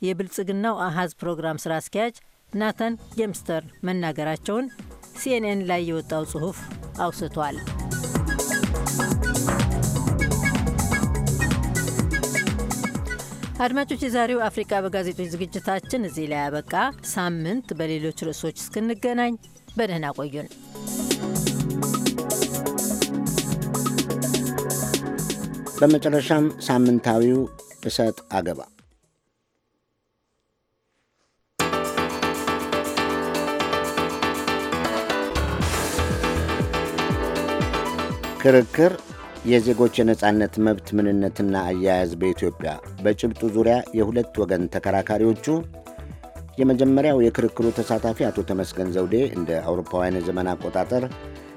S16: የብልጽግናው አሃዝ ፕሮግራም ስራ አስኪያጅ ናታን ጌምስተር መናገራቸውን ሲኤንኤን ላይ የወጣው ጽሑፍ አውስቷል። አድማጮች፣ የዛሬው አፍሪቃ በጋዜጦች ዝግጅታችን እዚህ ላይ ያበቃ። ሳምንት በሌሎች ርዕሶች እስክንገናኝ በደህና ቆዩን።
S2: በመጨረሻም ሳምንታዊው እሰጥ አገባ ክርክር የዜጎች የነጻነት መብት ምንነትና አያያዝ በኢትዮጵያ በጭብጡ ዙሪያ የሁለት ወገን ተከራካሪዎቹ የመጀመሪያው የክርክሩ ተሳታፊ አቶ ተመስገን ዘውዴ እንደ አውሮፓውያን የዘመን አቆጣጠር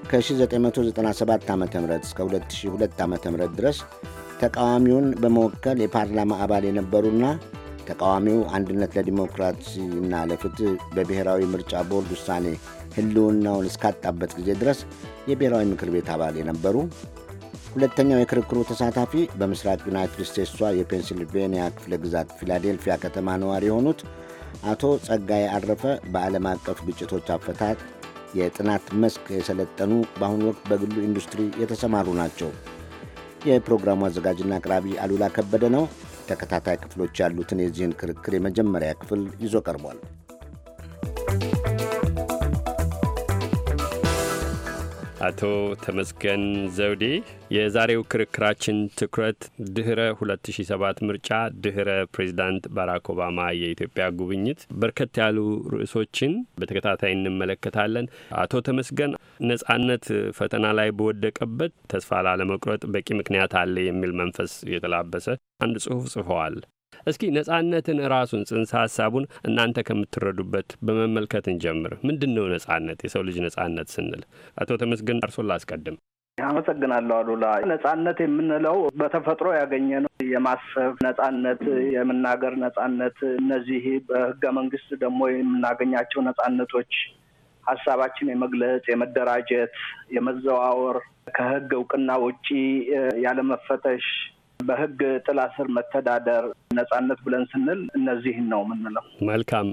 S2: ከ1997 ዓ ም እስከ 2002 ዓ ም ድረስ ተቃዋሚውን በመወከል የፓርላማ አባል የነበሩና ተቃዋሚው አንድነት ለዲሞክራሲና ለፍትህ በብሔራዊ ምርጫ ቦርድ ውሳኔ ህልውናውን እስካጣበት ጊዜ ድረስ የብሔራዊ ምክር ቤት አባል የነበሩ ሁለተኛው የክርክሩ ተሳታፊ በምስራቅ ዩናይትድ ስቴትሷ የፔንሲልቬንያ ክፍለ ግዛት ፊላዴልፊያ ከተማ ነዋሪ የሆኑት አቶ ጸጋዬ አረፈ በዓለም አቀፍ ግጭቶች አፈታት የጥናት መስክ የሰለጠኑ በአሁኑ ወቅት በግሉ ኢንዱስትሪ የተሰማሩ ናቸው። የፕሮግራሙ አዘጋጅና አቅራቢ አሉላ ከበደ ነው። ተከታታይ ክፍሎች ያሉትን የዚህን ክርክር የመጀመሪያ ክፍል ይዞ ቀርቧል።
S11: አቶ ተመስገን ዘውዴ የዛሬው ክርክራችን ትኩረት ድህረ 2007 ምርጫ፣ ድህረ ፕሬዚዳንት ባራክ ኦባማ የኢትዮጵያ ጉብኝት፣ በርከት ያሉ ርዕሶችን በተከታታይ እንመለከታለን። አቶ ተመስገን ነጻነት ፈተና ላይ በወደቀበት ተስፋ ላለመቁረጥ በቂ ምክንያት አለ የሚል መንፈስ የተላበሰ አንድ ጽሑፍ ጽፈዋል። እስኪ ነጻነትን ራሱን ጽንሰ ሀሳቡን እናንተ ከምትረዱበት በመመልከት እንጀምር። ምንድን ነው ነጻነት? የሰው ልጅ ነጻነት ስንል አቶ ተመስገን እርሶን ላስቀድም።
S17: አመሰግናለሁ አሉላ። ነጻነት የምንለው በተፈጥሮ ያገኘ ነው። የማሰብ ነጻነት፣ የመናገር ነጻነት፣ እነዚህ በህገ መንግስት ደግሞ የምናገኛቸው ነጻነቶች ሀሳባችን የመግለጽ፣ የመደራጀት፣ የመዘዋወር ከህግ እውቅና ውጪ ያለመፈተሽ በህግ ጥላ ስር መተዳደር ነጻነት ብለን ስንል እነዚህን ነው የምንለው።
S11: መልካም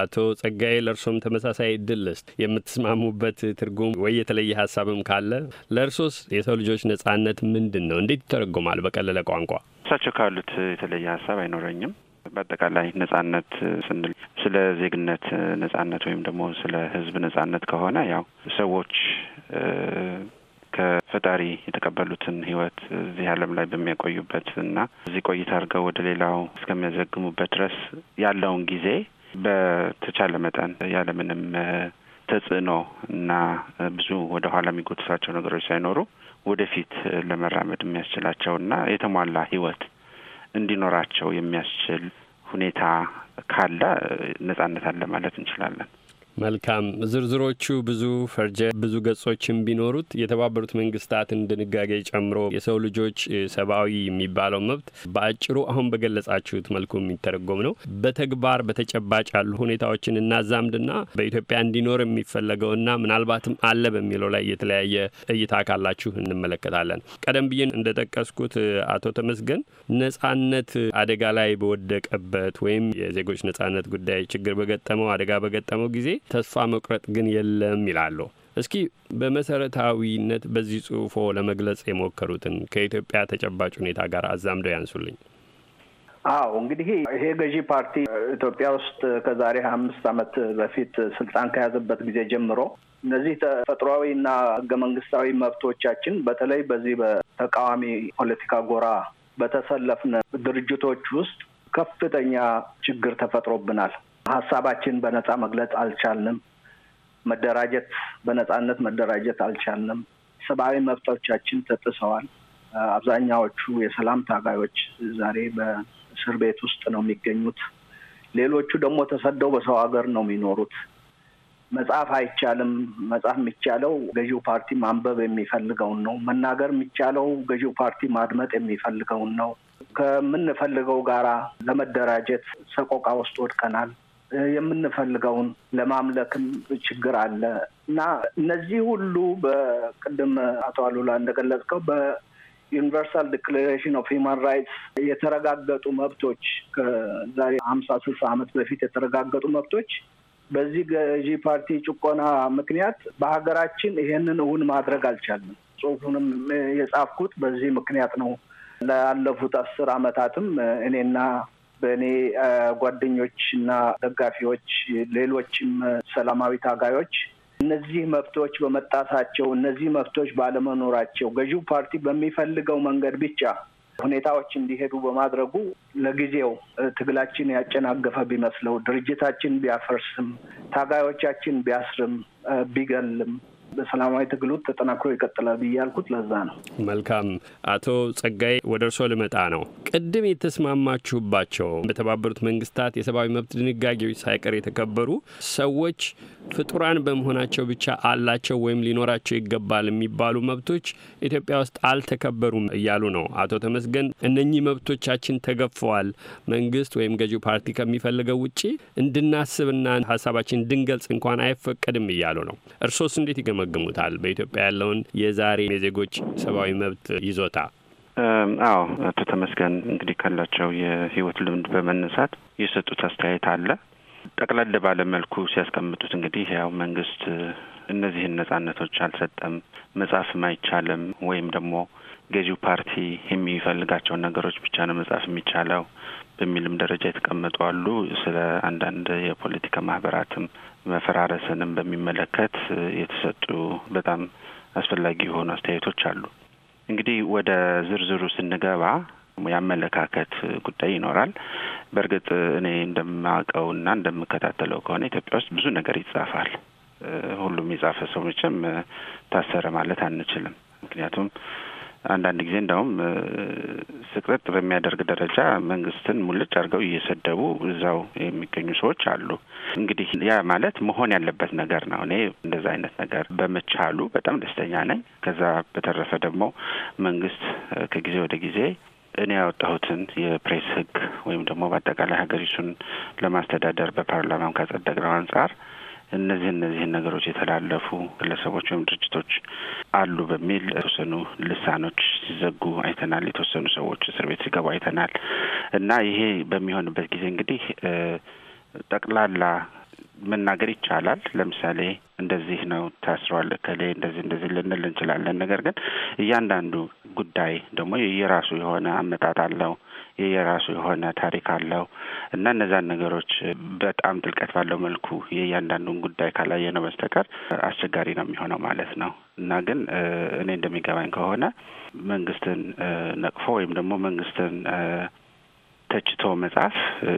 S11: አቶ ጸጋዬ፣ ለእርሶም ተመሳሳይ እድል የምትስማሙበት ትርጉም ወይ የተለየ ሀሳብም ካለ ለእርሶስ የሰው ልጆች ነጻነት ምንድን ነው? እንዴት ይተረጎማል? በቀለለ ቋንቋ
S18: እሳቸው ካሉት የተለየ ሀሳብ አይኖረኝም። በአጠቃላይ ነጻነት ስንል ስለ ዜግነት ነጻነት ወይም ደግሞ ስለ ህዝብ ነጻነት ከሆነ ያው ሰዎች ከፈጣሪ የተቀበሉትን ህይወት እዚህ ዓለም ላይ በሚያቆዩበት እና እዚህ ቆይታ አድርገው ወደ ሌላው እስከሚያዘግሙበት ድረስ ያለውን ጊዜ በተቻለ መጠን ያለምንም ተጽዕኖ እና ብዙ ወደ ኋላ የሚጎትታቸው ነገሮች ሳይኖሩ ወደፊት ለመራመድ የሚያስችላቸው እና የተሟላ ህይወት እንዲኖራቸው የሚያስችል ሁኔታ ካለ ነጻነት አለ ማለት እንችላለን።
S11: መልካም ዝርዝሮቹ ብዙ ፈርጀ ብዙ ገጾችን ቢኖሩት የተባበሩት መንግስታትን ድንጋጌ ጨምሮ የሰው ልጆች ሰብአዊ የሚባለው መብት በአጭሩ አሁን በገለጻችሁት መልኩ የሚተረጎም ነው። በተግባር በተጨባጭ ያሉ ሁኔታዎችን እናዛምድና በኢትዮጵያ እንዲኖር የሚፈለገውና ምናልባትም አለ በሚለው ላይ የተለያየ እይታ ካላችሁ እንመለከታለን። ቀደም ብዬን እንደጠቀስኩት አቶ ተመስገን ነጻነት አደጋ ላይ በወደቀበት ወይም የዜጎች ነጻነት ጉዳይ ችግር በገጠመው አደጋ በገጠመው ጊዜ ተስፋ መቁረጥ ግን የለም ይላሉ። እስኪ በመሰረታዊነት በዚህ ጽሁፎ ለመግለጽ የሞከሩትን ከኢትዮጵያ ተጨባጭ ሁኔታ ጋር አዛምደው ያንሱልኝ።
S17: አዎ እንግዲህ ይሄ ገዢ ፓርቲ ኢትዮጵያ ውስጥ ከዛሬ አምስት ዓመት በፊት ስልጣን ከያዘበት ጊዜ ጀምሮ እነዚህ ተፈጥሯዊ እና ህገ መንግስታዊ መብቶቻችን በተለይ በዚህ በተቃዋሚ ፖለቲካ ጎራ በተሰለፍነ ድርጅቶች ውስጥ ከፍተኛ ችግር ተፈጥሮብናል። ሀሳባችን በነፃ መግለጽ አልቻልንም። መደራጀት በነፃነት መደራጀት አልቻልንም። ሰብአዊ መብቶቻችን ተጥሰዋል። አብዛኛዎቹ የሰላም ታጋዮች ዛሬ በእስር ቤት ውስጥ ነው የሚገኙት። ሌሎቹ ደግሞ ተሰደው በሰው ሀገር ነው የሚኖሩት። መጽሐፍ አይቻልም። መጽሐፍ የሚቻለው ገዢው ፓርቲ ማንበብ የሚፈልገውን ነው። መናገር የሚቻለው ገዢው ፓርቲ ማድመጥ የሚፈልገውን ነው። ከምንፈልገው ጋራ ለመደራጀት ሰቆቃ ውስጥ ወድቀናል። የምንፈልገውን ለማምለክም ችግር አለ እና እነዚህ ሁሉ በቅድም አቶ አሉላ እንደገለጽከው በዩኒቨርሳል ዲክሌሬሽን ኦፍ ሂማን ራይትስ የተረጋገጡ መብቶች ከዛሬ ሀምሳ ስልሳ ዓመት በፊት የተረጋገጡ መብቶች በዚህ ገዢ ፓርቲ ጭቆና ምክንያት በሀገራችን ይሄንን እውን ማድረግ አልቻለም። ጽሁፉንም የጻፍኩት በዚህ ምክንያት ነው። ላለፉት አስር ዓመታትም እኔና በእኔ ጓደኞች እና ደጋፊዎች፣ ሌሎችም ሰላማዊ ታጋዮች እነዚህ መብቶች በመጣሳቸው እነዚህ መብቶች ባለመኖራቸው ገዢው ፓርቲ በሚፈልገው መንገድ ብቻ ሁኔታዎች እንዲሄዱ በማድረጉ ለጊዜው ትግላችን ያጨናገፈ ቢመስለው ድርጅታችን ቢያፈርስም ታጋዮቻችን ቢያስርም ቢገልም በሰላማዊ ትግሉ ተጠናክሮ ይቀጥላል ብዬ ያልኩት ለዛ ነው።
S11: መልካም አቶ ጸጋይ ወደ እርስዎ ልመጣ ነው። ቅድም የተስማማችሁባቸው በተባበሩት መንግስታት የሰብአዊ መብት ድንጋጌዎች ሳይቀር የተከበሩ ሰዎች ፍጡራን በመሆናቸው ብቻ አላቸው ወይም ሊኖራቸው ይገባል የሚባሉ መብቶች ኢትዮጵያ ውስጥ አልተከበሩም እያሉ ነው አቶ ተመስገን። እነኚህ መብቶቻችን ተገፈዋል መንግስት ወይም ገዢው ፓርቲ ከሚፈልገው ውጭ እንድናስብና ሀሳባችን እንድንገልጽ እንኳን አይፈቀድም እያሉ ነው። እርሶስ እንዴት ይገ ይገመግሙታል? በኢትዮጵያ ያለውን የዛሬ የዜጎች ሰብአዊ መብት ይዞታ።
S18: አዎ፣ አቶ ተመስገን እንግዲህ ካላቸው የህይወት ልምድ በመነሳት የሰጡት አስተያየት አለ። ጠቅለል ባለ መልኩ ሲያስቀምጡት እንግዲህ ያው መንግስት እነዚህን ነጻነቶች አልሰጠም፣ መጻፍም አይቻልም፣ ወይም ደግሞ ገዢው ፓርቲ የሚፈልጋቸውን ነገሮች ብቻ ነው መጻፍ የሚቻለው በሚልም ደረጃ የተቀመጡ አሉ። ስለ አንዳንድ የፖለቲካ ማህበራትም መፈራረስንም በሚመለከት የተሰጡ በጣም አስፈላጊ የሆኑ አስተያየቶች አሉ። እንግዲህ ወደ ዝርዝሩ ስንገባ የአመለካከት ጉዳይ ይኖራል። በእርግጥ እኔ እንደማውቀውና እንደምከታተለው ከሆነ ኢትዮጵያ ውስጥ ብዙ ነገር ይጻፋል። ሁሉም የጻፈ ሰው መቼም ታሰረ ማለት አንችልም። ምክንያቱም አንዳንድ ጊዜ እንደውም ስቅጥጥ በሚያደርግ ደረጃ መንግስትን ሙልጭ አድርገው እየሰደቡ እዛው የሚገኙ ሰዎች አሉ። እንግዲህ ያ ማለት መሆን ያለበት ነገር ነው። እኔ እንደዛ አይነት ነገር በመቻሉ በጣም ደስተኛ ነኝ። ከዛ በተረፈ ደግሞ መንግስት ከጊዜ ወደ ጊዜ እኔ ያወጣሁትን የፕሬስ ህግ ወይም ደግሞ በአጠቃላይ ሀገሪቱን ለማስተዳደር በፓርላማም ካጸደቅነው አንጻር እነዚህ እነዚህን ነገሮች የተላለፉ ግለሰቦች ወይም ድርጅቶች አሉ በሚል የተወሰኑ ልሳኖች ሲዘጉ አይተናል። የተወሰኑ ሰዎች እስር ቤት ሲገቡ አይተናል። እና ይሄ በሚሆንበት ጊዜ እንግዲህ ጠቅላላ መናገር ይቻላል። ለምሳሌ እንደዚህ ነው ታስሯል፣ እከሌ እንደዚህ እንደዚህ ልንል እንችላለን። ነገር ግን እያንዳንዱ ጉዳይ ደግሞ የራሱ የሆነ አመጣጥ አለው። የየራሱ የሆነ ታሪክ አለው እና እነዛን ነገሮች በጣም ጥልቀት ባለው መልኩ የእያንዳንዱን ጉዳይ ካላየ ነው በስተቀር አስቸጋሪ ነው የሚሆነው ማለት ነው እና ግን እኔ እንደሚገባኝ ከሆነ መንግስትን ነቅፎ ወይም ደግሞ መንግስትን ተችቶ መጽሐፍ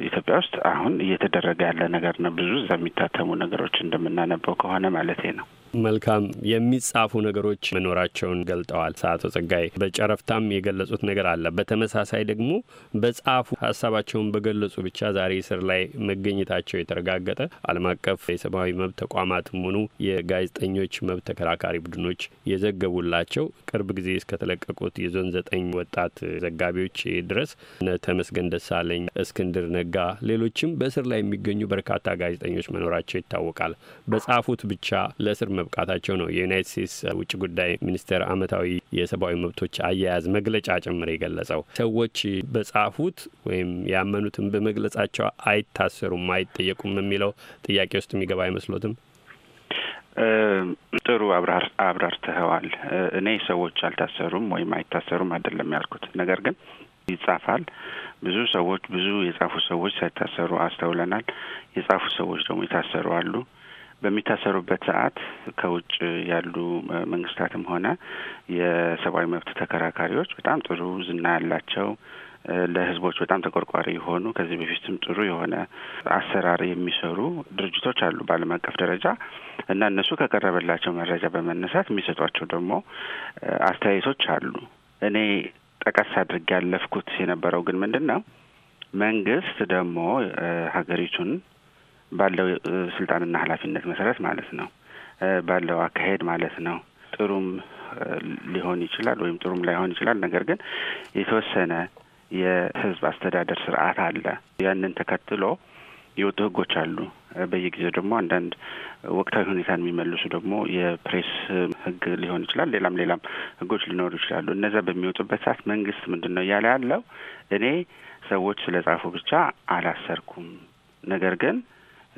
S18: ኢትዮጵያ ውስጥ አሁን እየተደረገ ያለ ነገር ነው። ብዙ እዛ የሚታተሙ ነገሮች እንደምናነበው ከሆነ ማለት ነው።
S11: መልካም የሚጻፉ ነገሮች መኖራቸውን ገልጠዋል። ሰዓቶ ጸጋይ በጨረፍታም የገለጹት ነገር አለ። በተመሳሳይ ደግሞ በጻፉ ሀሳባቸውን በገለጹ ብቻ ዛሬ ስር ላይ መገኘታቸው የተረጋገጠ ዓለም አቀፍ የሰብአዊ መብት ተቋማትም ሆኑ የጋዜጠኞች መብት ተከራካሪ ቡድኖች የዘገቡላቸው ቅርብ ጊዜ እስከተለቀቁት የዞን ዘጠኝ ወጣት ዘጋቢዎች ድረስ እነ ተመስገን ደሳለኝ፣ እስክንድር ነጋ፣ ሌሎችም በእስር ላይ የሚገኙ በርካታ ጋዜጠኞች መኖራቸው ይታወቃል። በጻፉት ብቻ ለእስር መብቃታቸው ነው የዩናይት ስቴትስ ውጭ ጉዳይ ሚኒስቴር ዓመታዊ የሰብአዊ መብቶች አያያዝ መግለጫ ጭምር የገለጸው። ሰዎች በጻፉት ወይም ያመኑትን በመግለጻቸው አይታሰሩም፣ አይጠየቁም የሚለው
S18: ጥያቄ ውስጥ የሚገባ አይመስሎትም? ጥሩ አብራርተኸዋል። እኔ ሰዎች አልታሰሩም ወይም አይታሰሩም አይደለም ያልኩት፣ ነገር ግን ይጻፋል። ብዙ ሰዎች ብዙ የጻፉ ሰዎች ሳይታሰሩ አስተውለናል። የጻፉ ሰዎች ደግሞ የታሰሩ አሉ። በሚታሰሩበት ሰዓት ከውጭ ያሉ መንግስታትም ሆነ የሰብአዊ መብት ተከራካሪዎች በጣም ጥሩ ዝና ያላቸው ለህዝቦች በጣም ተቆርቋሪ የሆኑ ከዚህ በፊትም ጥሩ የሆነ አሰራር የሚሰሩ ድርጅቶች አሉ በዓለም አቀፍ ደረጃ እና እነሱ ከቀረበላቸው መረጃ በመነሳት የሚሰጧቸው ደግሞ አስተያየቶች አሉ። እኔ ጠቀስ አድርጌ ያለፍኩት የነበረው ግን ምንድን ነው መንግስት ደግሞ ሀገሪቱን ባለው ስልጣንና ኃላፊነት መሰረት ማለት ነው ባለው አካሄድ ማለት ነው። ጥሩም ሊሆን ይችላል ወይም ጥሩም ላይሆን ይችላል። ነገር ግን የተወሰነ የህዝብ አስተዳደር ስርዓት አለ። ያንን ተከትሎ የወጡ ህጎች አሉ። በየጊዜው ደግሞ አንዳንድ ወቅታዊ ሁኔታን የሚመልሱ ደግሞ የፕሬስ ህግ ሊሆን ይችላል። ሌላም ሌላም ህጎች ሊኖሩ ይችላሉ። እነዚያ በሚወጡበት ሰዓት መንግስት ምንድን ነው እያለ ያለው እኔ ሰዎች ስለ ጻፉ ብቻ አላሰርኩም፣ ነገር ግን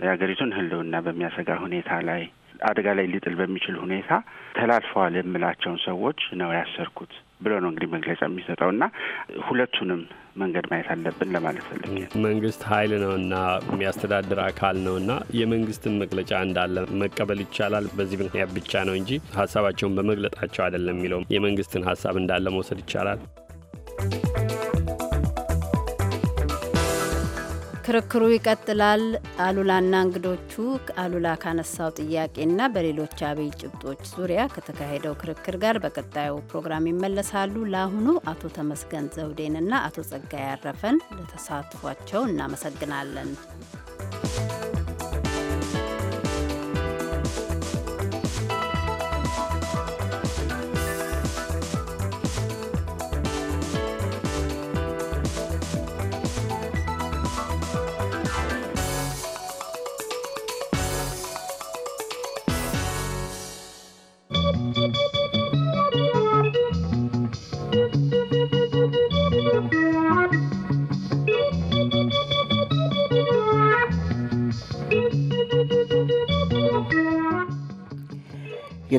S18: የሀገሪቱን ህልውና በሚያሰጋ ሁኔታ ላይ አደጋ ላይ ሊጥል በሚችል ሁኔታ ተላልፈዋል የምላቸውን ሰዎች ነው ያሰርኩት ብሎ ነው እንግዲህ መግለጫ የሚሰጠው እና ሁለቱንም መንገድ ማየት አለብን ለማለት ፈለግ።
S11: መንግስት ኃይል ነውና የሚያስተዳድር አካል ነውና የመንግስትን መግለጫ እንዳለ መቀበል ይቻላል። በዚህ ምክንያት ብቻ ነው እንጂ ሀሳባቸውን በመግለጣቸው አይደለም የሚለው የመንግስትን ሀሳብ እንዳለ መውሰድ ይቻላል።
S4: ክርክሩ ይቀጥላል። አሉላና እንግዶቹ አሉላ ካነሳው ጥያቄና በሌሎች አብይ ጭብጦች ዙሪያ ከተካሄደው ክርክር ጋር በቀጣዩ ፕሮግራም ይመለሳሉ። ለአሁኑ አቶ ተመስገን ዘውዴንና አቶ ጸጋ ያረፈን ለተሳትፏቸው እናመሰግናለን።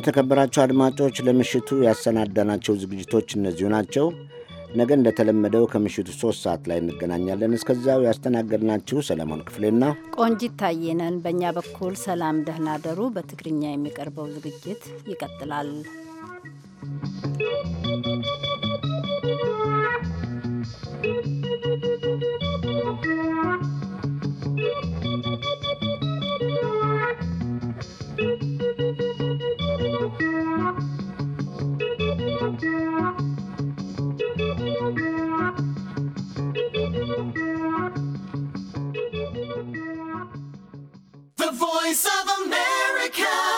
S2: የተከበራቸው አድማጮች ለምሽቱ ያሰናዳናቸው ዝግጅቶች እነዚሁ ናቸው። ነገ እንደተለመደው ከምሽቱ ሶስት ሰዓት ላይ እንገናኛለን። እስከዚያው ያስተናገድናችሁ ሰለሞን ክፍሌና
S4: ቆንጂት ታየነን። በእኛ በኩል ሰላም፣ ደህና ደሩ። በትግርኛ የሚቀርበው ዝግጅት ይቀጥላል።
S1: Voice of
S17: America.